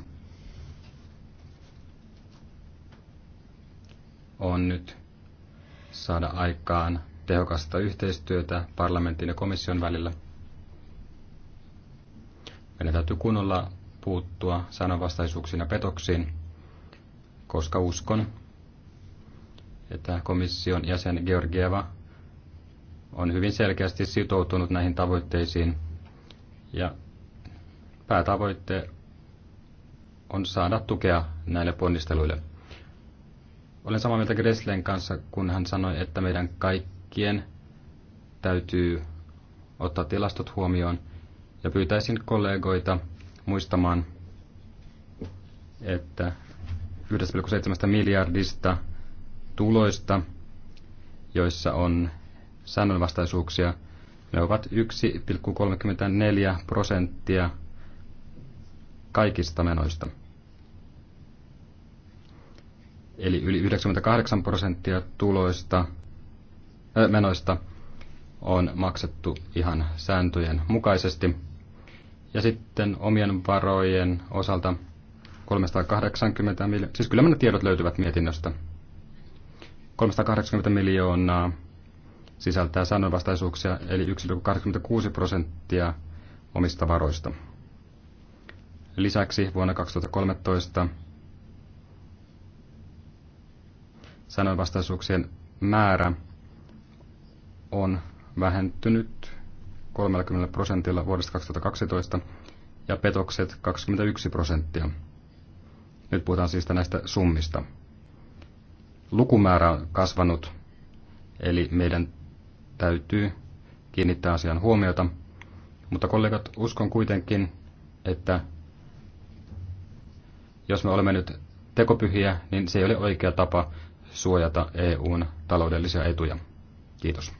Speaker 3: on nyt saada aikaan tehokasta yhteistyötä parlamentin ja komission välillä. Meidän täytyy kunnolla puuttua sananvastaisuuksiin ja petoksiin, koska uskon, että komission jäsen Georgieva on hyvin selkeästi sitoutunut näihin tavoitteisiin. Ja päätavoitte on saada tukea näille ponnisteluille. Olen samaa mieltä Gresslen kanssa, kun hän sanoi, että meidän kaikkien täytyy ottaa tilastot huomioon. Ja pyytäisin kollegoita muistamaan, että 1,7 miljardista tuloista, joissa on säännönvastaisuuksia. Ne ovat 1,34 prosenttia kaikista menoista. Eli yli 98 prosenttia tuloista, ö, menoista on maksettu ihan sääntöjen mukaisesti. Ja sitten omien varojen osalta 380 miljoonaa, siis kyllä nämä tiedot löytyvät mietinnöstä. 380 miljoonaa sisältää sanonvastaisuuksia, eli 1,86 prosenttia omista varoista. Lisäksi vuonna 2013 sanonvastaisuuksien määrä on vähentynyt 30 prosentilla vuodesta 2012 ja petokset 21 prosenttia. Nyt puhutaan siis näistä summista. Lukumäärä on kasvanut, eli meidän täytyy kiinnittää asian huomiota. Mutta kollegat, uskon kuitenkin, että jos me olemme nyt tekopyhiä, niin se ei ole oikea tapa suojata EUn taloudellisia etuja. Kiitos.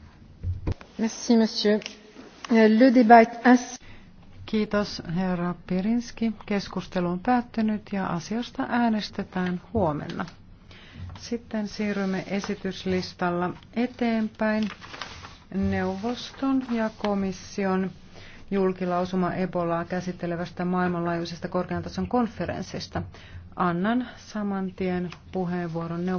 Speaker 1: Merci, monsieur. Euh, le débat Kiitos, herra Pirinski. Keskustelu on päättynyt ja asiasta äänestetään huomenna. Sitten siirrymme esityslistalla eteenpäin neuvoston ja komission julkilausuma Ebolaa käsittelevästä maailmanlaajuisesta korkean tason konferenssista. Annan saman tien puheenvuoron neuvoston